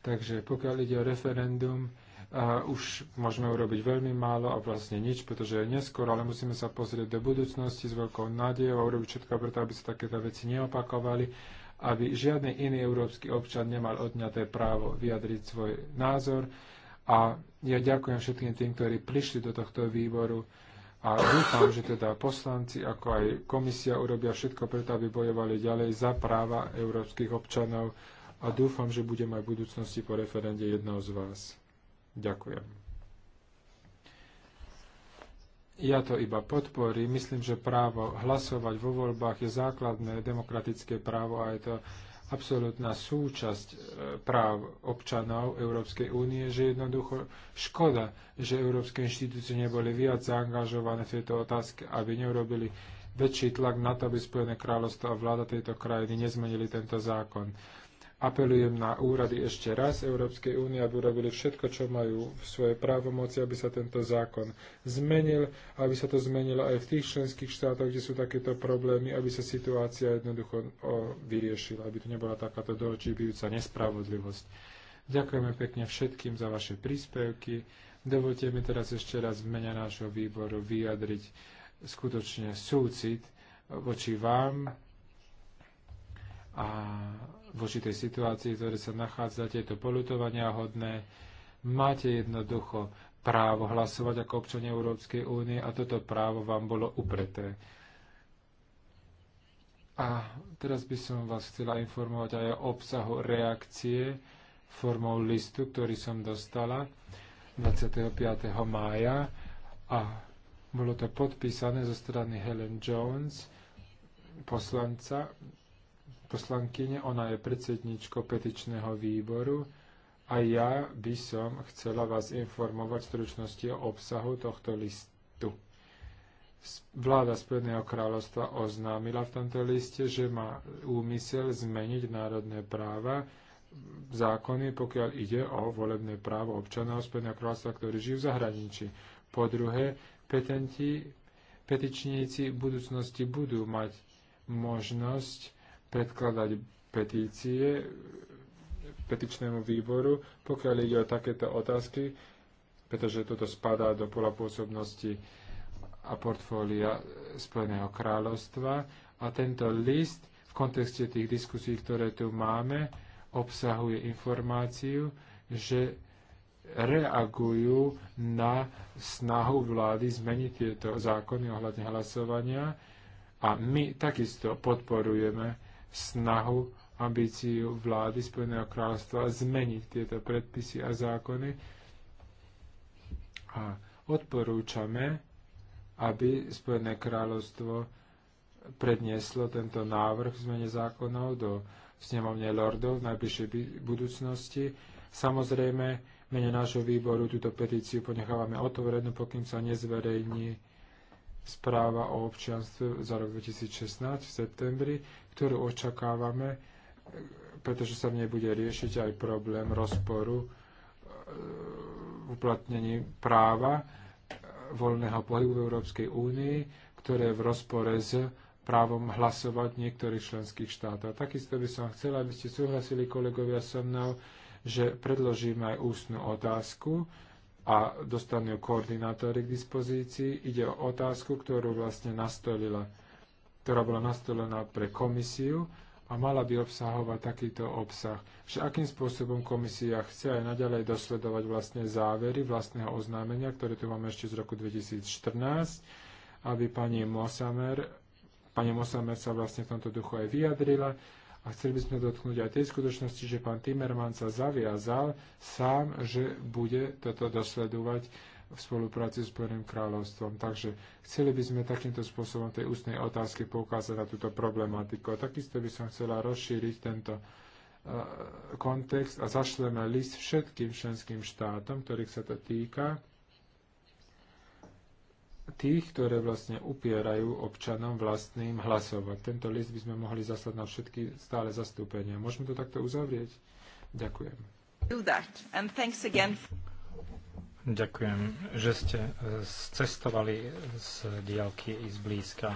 Takže pokiaľ ide o referendum, a už môžeme urobiť veľmi málo a vlastne nič, pretože je neskoro, ale musíme sa pozrieť do budúcnosti s veľkou nádejou a urobiť všetko preto, aby sa takéto veci neopakovali aby žiadny iný európsky občan nemal odňaté právo vyjadriť svoj názor. A ja ďakujem všetkým tým, ktorí prišli do tohto výboru a dúfam, že teda poslanci, ako aj komisia urobia všetko preto, aby bojovali ďalej za práva európskych občanov a dúfam, že budem aj v budúcnosti po referende jednou z vás. Ďakujem. Ja to iba podporím. Myslím, že právo hlasovať vo voľbách je základné demokratické právo a je to absolútna súčasť e, práv občanov Európskej únie, že jednoducho škoda, že európske inštitúcie neboli viac zaangažované v tejto otázke, aby neurobili väčší tlak na to, aby Spojené kráľovstvo a vláda tejto krajiny nezmenili tento zákon apelujem na úrady ešte raz Európskej únie, aby urobili všetko, čo majú v svojej právomoci, aby sa tento zákon zmenil, aby sa to zmenilo aj v tých členských štátoch, kde sú takéto problémy, aby sa situácia jednoducho vyriešila, aby to nebola takáto do nespravodlivosť. Ďakujeme pekne všetkým za vaše príspevky. Dovolte mi teraz ešte raz v mene nášho výboru vyjadriť skutočne súcit voči vám a v určitej situácii, v ktorej sa nachádzate, je to polutovania hodné. Máte jednoducho právo hlasovať ako občania Európskej únie a toto právo vám bolo upreté. A teraz by som vás chcela informovať aj o obsahu reakcie formou listu, ktorý som dostala 25. mája a bolo to podpísané zo strany Helen Jones, poslanca poslankyne, ona je predsedničko petičného výboru a ja by som chcela vás informovať v stručnosti o obsahu tohto listu. Vláda Spojeného kráľovstva oznámila v tomto liste, že má úmysel zmeniť národné práva, zákony, pokiaľ ide o volebné právo občanov Spojeného kráľovstva, ktorí žijú v zahraničí. Po druhé, petenti, petičníci v budúcnosti budú mať možnosť predkladať petície petičnému výboru, pokiaľ ide o takéto otázky, pretože toto spadá do pola pôsobnosti a portfólia Spojeného kráľovstva. A tento list v kontexte tých diskusí, ktoré tu máme, obsahuje informáciu, že reagujú na snahu vlády zmeniť tieto zákony ohľadne hlasovania a my takisto podporujeme snahu, ambíciu vlády Spojeného kráľovstva zmeniť tieto predpisy a zákony. A odporúčame, aby Spojené kráľovstvo prednieslo tento návrh v zmene zákonov do snemovne lordov v najbližšej budúcnosti. Samozrejme, mene nášho výboru túto petíciu ponechávame otvorenú, pokým sa nezverejní správa o občianstve za rok 2016 v septembri, ktorú očakávame, pretože sa v nej bude riešiť aj problém rozporu e, uplatnení práva e, voľného pohybu v Európskej únii, ktoré je v rozpore s právom hlasovať niektorých členských štátov. Takisto by som chcela, aby ste súhlasili kolegovia so mnou, že predložíme aj ústnu otázku, a dostanú koordinátory k dispozícii. Ide o otázku, ktorú vlastne nastolila, ktorá bola nastolená pre komisiu a mala by obsahovať takýto obsah, že akým spôsobom komisia chce aj naďalej dosledovať vlastne závery vlastného oznámenia, ktoré tu máme ešte z roku 2014, aby pani Mosamer, pani Mosamer sa vlastne v tomto duchu aj vyjadrila, a chceli by sme dotknúť aj tej skutočnosti, že pán Timerman sa zaviazal sám, že bude toto dosledovať v spolupráci s Spojeným kráľovstvom. Takže chceli by sme takýmto spôsobom tej ústnej otázky poukázať na túto problematiku. A takisto by som chcela rozšíriť tento e, kontext a zašleme list všetkým členským štátom, ktorých sa to týka, tých, ktoré vlastne upierajú občanom vlastným hlasovať. Tento list by sme mohli zaslať na všetky stále zastúpenia. Môžeme to takto uzavrieť? Ďakujem. Ďakujem, že ste eh, cestovali z diálky i z blízka.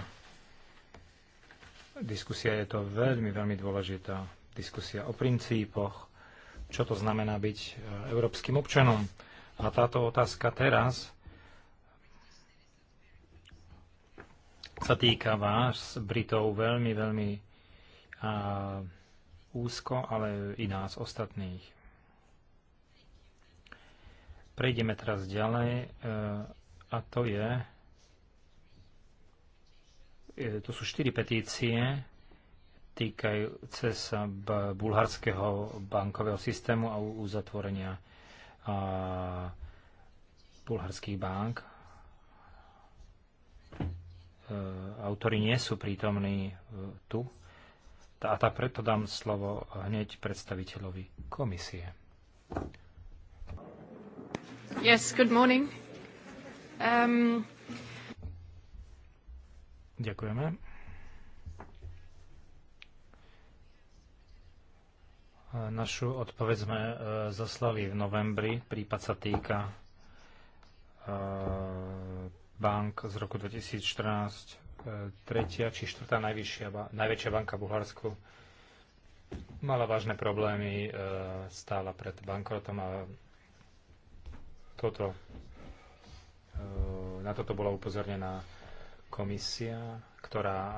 Diskusia je to veľmi, veľmi dôležitá. Diskusia o princípoch, čo to znamená byť eh, európskym občanom. A táto otázka teraz sa týka vás, Britov, veľmi, veľmi a, úzko, ale i nás ostatných. Prejdeme teraz ďalej e, a to je, e, to sú štyri petície týkajúce sa bulharského bankového systému a uzatvorenia a, bulharských bank. E, autory nie sú prítomní e, tu. A tá preto dám slovo hneď predstaviteľovi komisie. Yes, good morning. Um... Ďakujeme. E, našu odpoveď sme zaslali v novembri. Prípad sa týka bank z roku 2014, e, tretia či štvrtá najvyššia, najväčšia banka v Bulharsku, mala vážne problémy, e, stála pred bankrotom a toto, e, na toto bola upozornená komisia, ktorá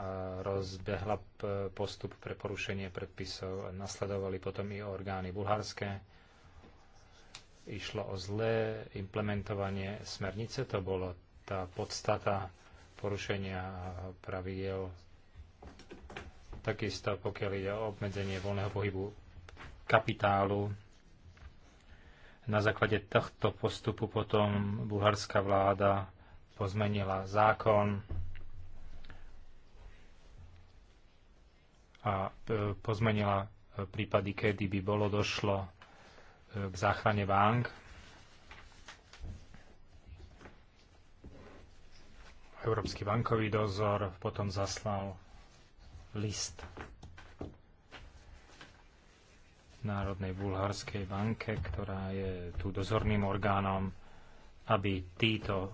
rozbehla postup pre porušenie predpisov. Nasledovali potom i orgány bulharské. Išlo o zlé implementovanie smernice, to bolo tá podstata porušenia pravidel. Takisto pokiaľ ide o obmedzenie voľného pohybu kapitálu. Na základe tohto postupu potom bulharská vláda pozmenila zákon a e, pozmenila prípady, kedy by bolo došlo e, k záchrane bank Európsky bankový dozor potom zaslal list Národnej bulharskej banke, ktorá je tu dozorným orgánom, aby títo e,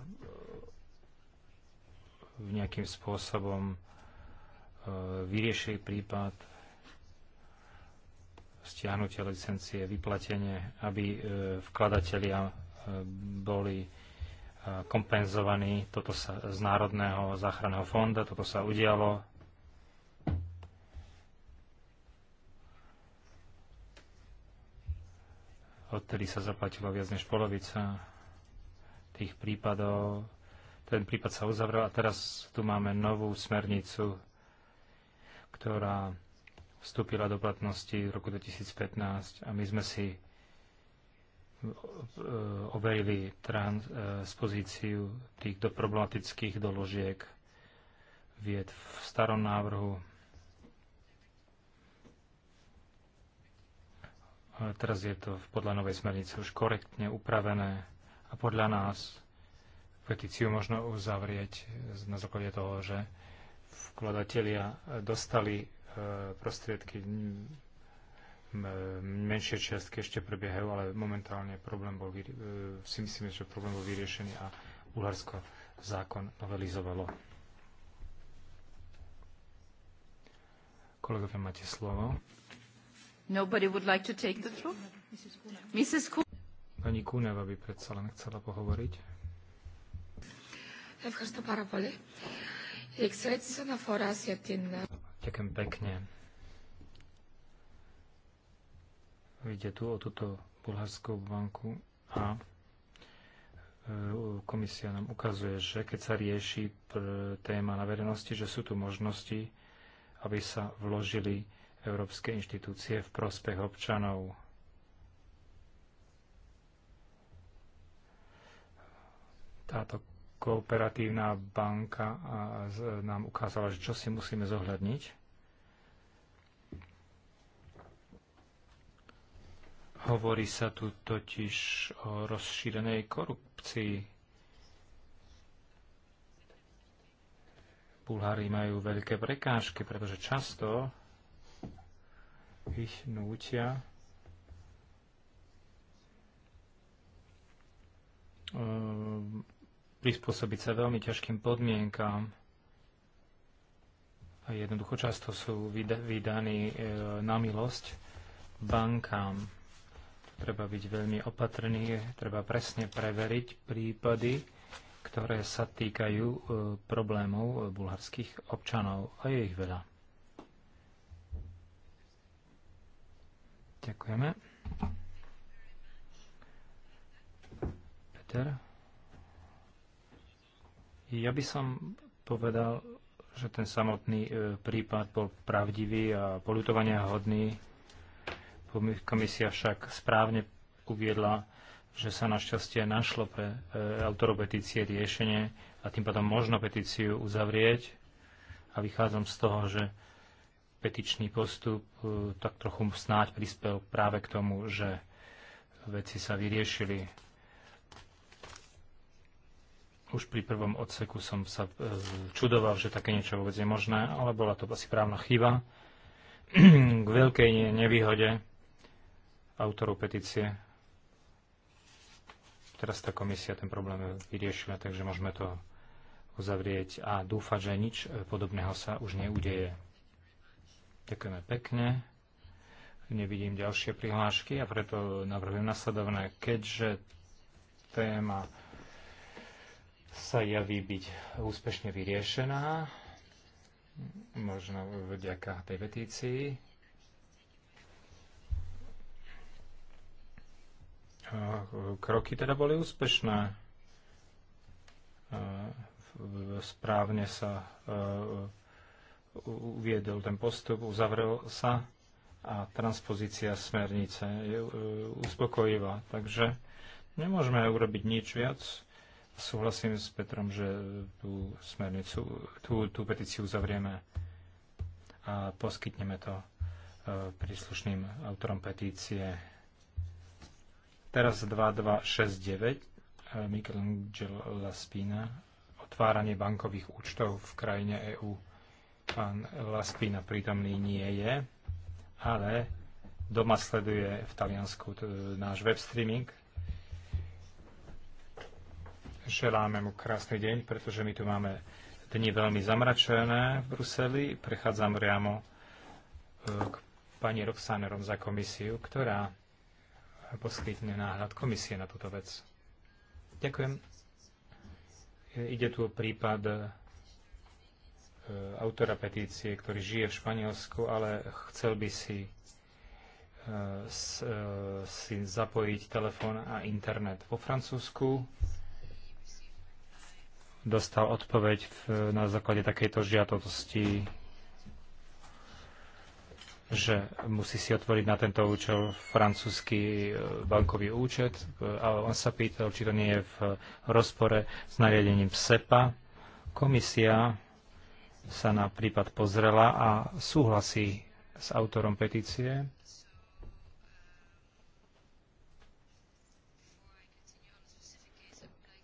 nejakým spôsobom e, vyriešili prípad stiahnutia licencie, vyplatenie, aby e, vkladatelia boli kompenzovaní toto sa, z Národného záchranného fonda. Toto sa udialo. Odtedy sa zaplatilo viac než polovica tých prípadov. Ten prípad sa uzavrel a teraz tu máme novú smernicu, ktorá vstúpila do platnosti v roku 2015 a my sme si E, obejli transpozíciu e, týchto problematických doložiek vied v starom návrhu. Ale teraz je to podľa novej smernice už korektne upravené a podľa nás petíciu možno uzavrieť na základe toho, že vkladatelia dostali e, prostriedky Ehm, menšie čiastky ešte prebiehajú, ale momentálne problém bol, e, si myslím, že problém bol vyriešený a Bulharsko zákon novelizovalo. Kolegovia, máte slovo. Nobody would like to take the floor? Mrs. Kuna. Pani Kuneva by predsa len chcela pohovoriť. Ďakujem pekne. Ide tu o túto bulharskú banku a e, komisia nám ukazuje, že keď sa rieši téma na verejnosti, že sú tu možnosti, aby sa vložili európske inštitúcie v prospech občanov. Táto kooperatívna banka nám ukázala, že čo si musíme zohľadniť Hovorí sa tu totiž o rozšírenej korupcii. Bulhári majú veľké prekážky, pretože často ich nútia ehm, prispôsobiť sa veľmi ťažkým podmienkám. A jednoducho často sú vydaní ehm, na milosť bankám treba byť veľmi opatrný, treba presne preveriť prípady, ktoré sa týkajú e, problémov bulharských občanov a je ich veľa. Ďakujeme. Peter? Ja by som povedal, že ten samotný e, prípad bol pravdivý a polutovania hodný Komisia však správne uviedla, že sa našťastie našlo pre e, autorov petície riešenie a tým pádom možno petíciu uzavrieť. A vychádzam z toho, že petičný postup e, tak trochu snáď prispel práve k tomu, že veci sa vyriešili. Už pri prvom odseku som sa e, čudoval, že také niečo vôbec je možné, ale bola to asi právna chyba. k veľkej nevýhode autorov petície. Teraz tá komisia ten problém vyriešila, takže môžeme to uzavrieť a dúfať, že nič podobného sa už neudeje. Ďakujeme pekne. Nevidím ďalšie prihlášky a preto navrhujem nasledovné. Keďže téma sa javí byť úspešne vyriešená, možno vďaka tej petícii, kroky teda boli úspešné. Správne sa uviedol ten postup, uzavrel sa a transpozícia smernice je e, uspokojivá. Takže nemôžeme urobiť nič viac. Súhlasím s Petrom, že tú smernicu, tú, tú petíciu uzavrieme a poskytneme to e, príslušným autorom petície. Teraz 2269 eh, Michelangelo Laspina otváranie bankových účtov v krajine EÚ. Pán Laspina prítomný nie je, ale doma sleduje v Taliansku eh, náš web streaming. Želáme mu krásny deň, pretože my tu máme dni veľmi zamračené v Bruseli. Prechádzam priamo eh, k pani Roxane za komisiu, ktorá poskytne náhľad komisie na túto vec. Ďakujem. E, ide tu o prípad e, autora petície, ktorý žije v Španielsku, ale chcel by si, e, si zapojiť telefón a internet vo Francúzsku. Dostal odpoveď na základe takejto žiadosti že musí si otvoriť na tento účel francúzsky e, bankový účet e, a on sa pýtal, či to nie je v rozpore s nariadením SEPA. Komisia sa na prípad pozrela a súhlasí s autorom petície.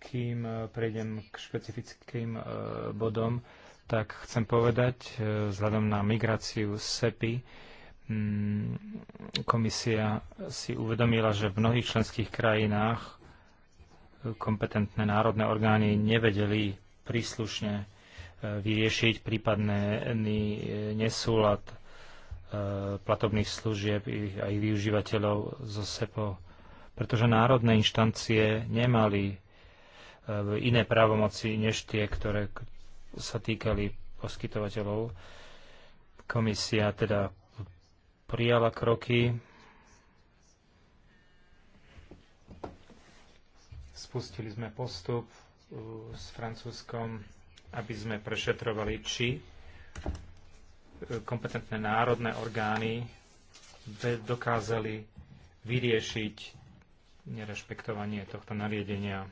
Kým e, prejdem k špecifickým bodom, tak chcem povedať, vzhľadom na migráciu SEPI, Mm, komisia si uvedomila, že v mnohých členských krajinách kompetentné národné orgány nevedeli príslušne e, vyriešiť prípadné e, nesúlad e, platobných služieb a ich využívateľov zo SEPO, pretože národné inštancie nemali iné právomoci než tie, ktoré sa týkali poskytovateľov. Komisia teda prijala kroky, spustili sme postup uh, s Francúzskom, aby sme prešetrovali, či uh, kompetentné národné orgány dokázali vyriešiť nerešpektovanie tohto nariadenia.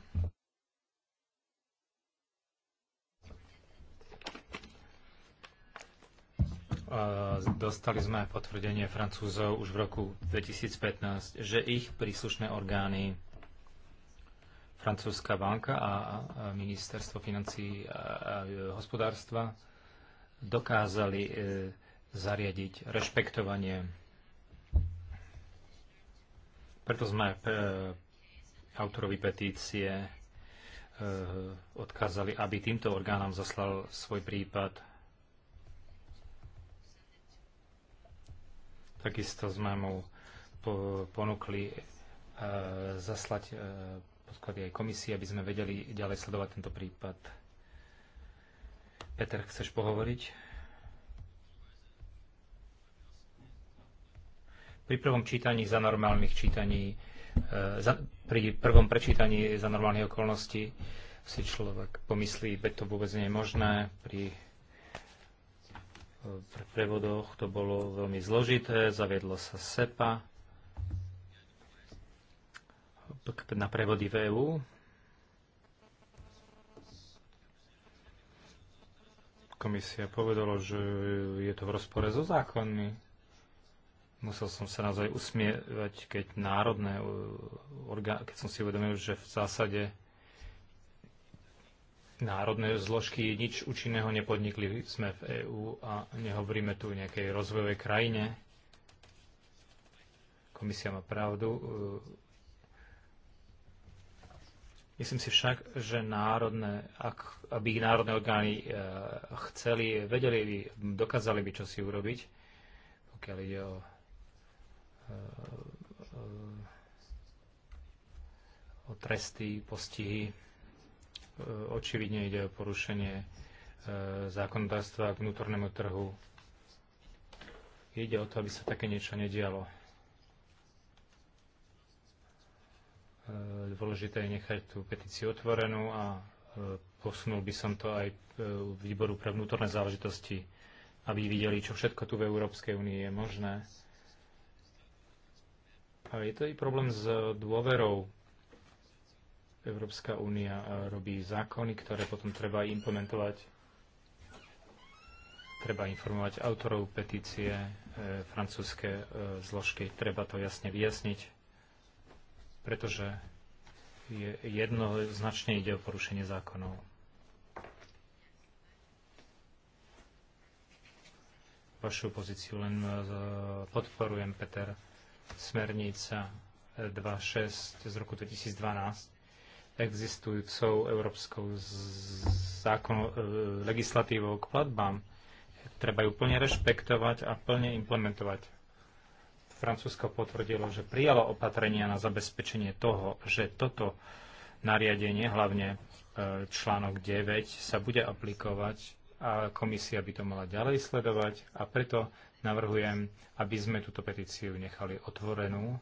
dostali sme potvrdenie Francúzov už v roku 2015, že ich príslušné orgány Francúzska banka a ministerstvo financí a hospodárstva dokázali e, zariadiť rešpektovanie. Preto sme e, autorovi petície e, odkázali, aby týmto orgánom zaslal svoj prípad Takisto sme mu ponúkli e, zaslať e, podklady aj komisii, aby sme vedeli ďalej sledovať tento prípad. Peter, chceš pohovoriť? Pri prvom čítaní za normálnych čítaní, e, za, pri prvom prečítaní za normálnych okolností si človek pomyslí, že to vôbec nie je možné. Pri v prevodoch to bolo veľmi zložité, zaviedlo sa SEPA na prevody v EU. Komisia povedala, že je to v rozpore so zákonmi. Musel som sa naozaj usmievať, keď národné, keď som si uvedomil, že v zásade národné zložky nič účinného nepodnikli. Sme v EÚ a nehovoríme tu o nejakej rozvojovej krajine. Komisia má pravdu. E, myslím si však, že národné, ak, aby ich národné orgány e, chceli, vedeli by, dokázali by čo si urobiť, pokiaľ ide o e, o tresty, postihy. E, očividne ide o porušenie e, zákonodárstva k vnútornému trhu. Ide o to, aby sa také niečo nedialo. E, dôležité je nechať tú petíciu otvorenú a posunul by som to aj výboru pre vnútorné záležitosti, aby videli, čo všetko tu v Európskej únii je možné. A je to i problém s dôverou Európska únia e, robí zákony, ktoré potom treba implementovať. Treba informovať autorov petície, e, francúzske e, zložky, treba to jasne vyjasniť, pretože jednoznačne ide o porušenie zákonov. Vašu pozíciu len podporujem, Peter. Smernica 2.6 z roku 2012 existujúcou európskou zákon, e, legislatívou k platbám. Treba ju plne rešpektovať a plne implementovať. Francúzsko potvrdilo, že prijalo opatrenia na zabezpečenie toho, že toto nariadenie, hlavne e, článok 9, sa bude aplikovať a komisia by to mala ďalej sledovať a preto navrhujem, aby sme túto petíciu nechali otvorenú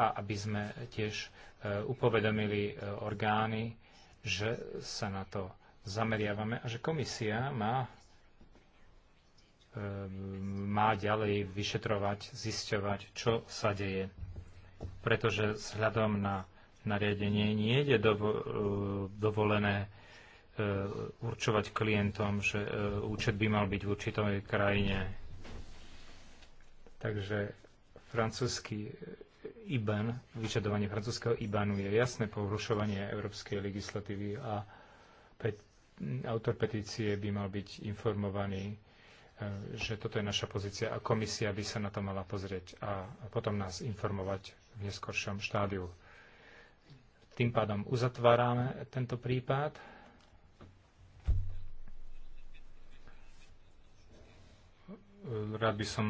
a aby sme tiež e, upovedomili e, orgány, že sa na to zameriavame a že komisia má, e, má ďalej vyšetrovať, zisťovať, čo sa deje. Pretože vzhľadom na nariadenie nie je dovolené určovať klientom, že účet by mal byť v určitej krajine. Takže francúzsky IBAN, vyžadovanie francúzského IBANu je jasné porušovanie európskej legislatívy a pet, autor petície by mal byť informovaný, e, že toto je naša pozícia a komisia by sa na to mala pozrieť a potom nás informovať v neskoršom štádiu. Tým pádom uzatvárame tento prípad. Rád by som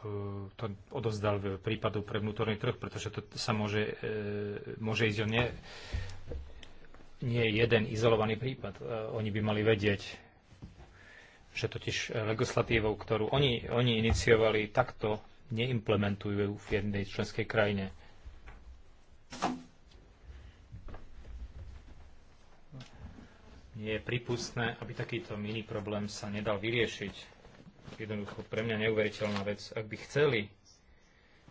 E, to odovzdal v prípadu pre vnútorný trh, pretože to sa môže, e, môže ísť o nie, nie jeden izolovaný prípad. E, oni by mali vedieť, že totiž legislatívou, ktorú oni, oni iniciovali, takto neimplementujú v jednej členskej krajine. Nie je pripustné, aby takýto mini problém sa nedal vyriešiť jednoducho pre mňa neuveriteľná vec. Ak by chceli,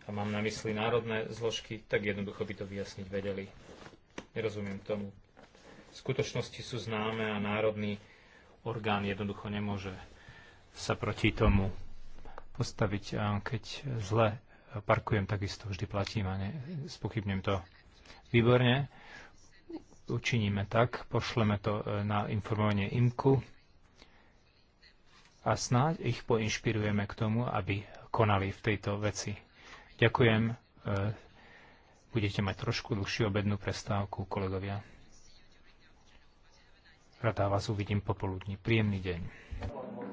a mám na mysli národné zložky, tak jednoducho by to vyjasniť vedeli. Nerozumiem tomu. Skutočnosti sú známe a národný orgán jednoducho nemôže sa proti tomu postaviť. A keď zle parkujem, takisto vždy platím a ne, spochybnem to. Výborne, učiníme tak, pošleme to e, na informovanie IMKU a snáď ich poinšpirujeme k tomu, aby konali v tejto veci. Ďakujem. E, budete mať trošku dlhšiu obednú prestávku, kolegovia. Rada vás uvidím popoludní. Príjemný deň.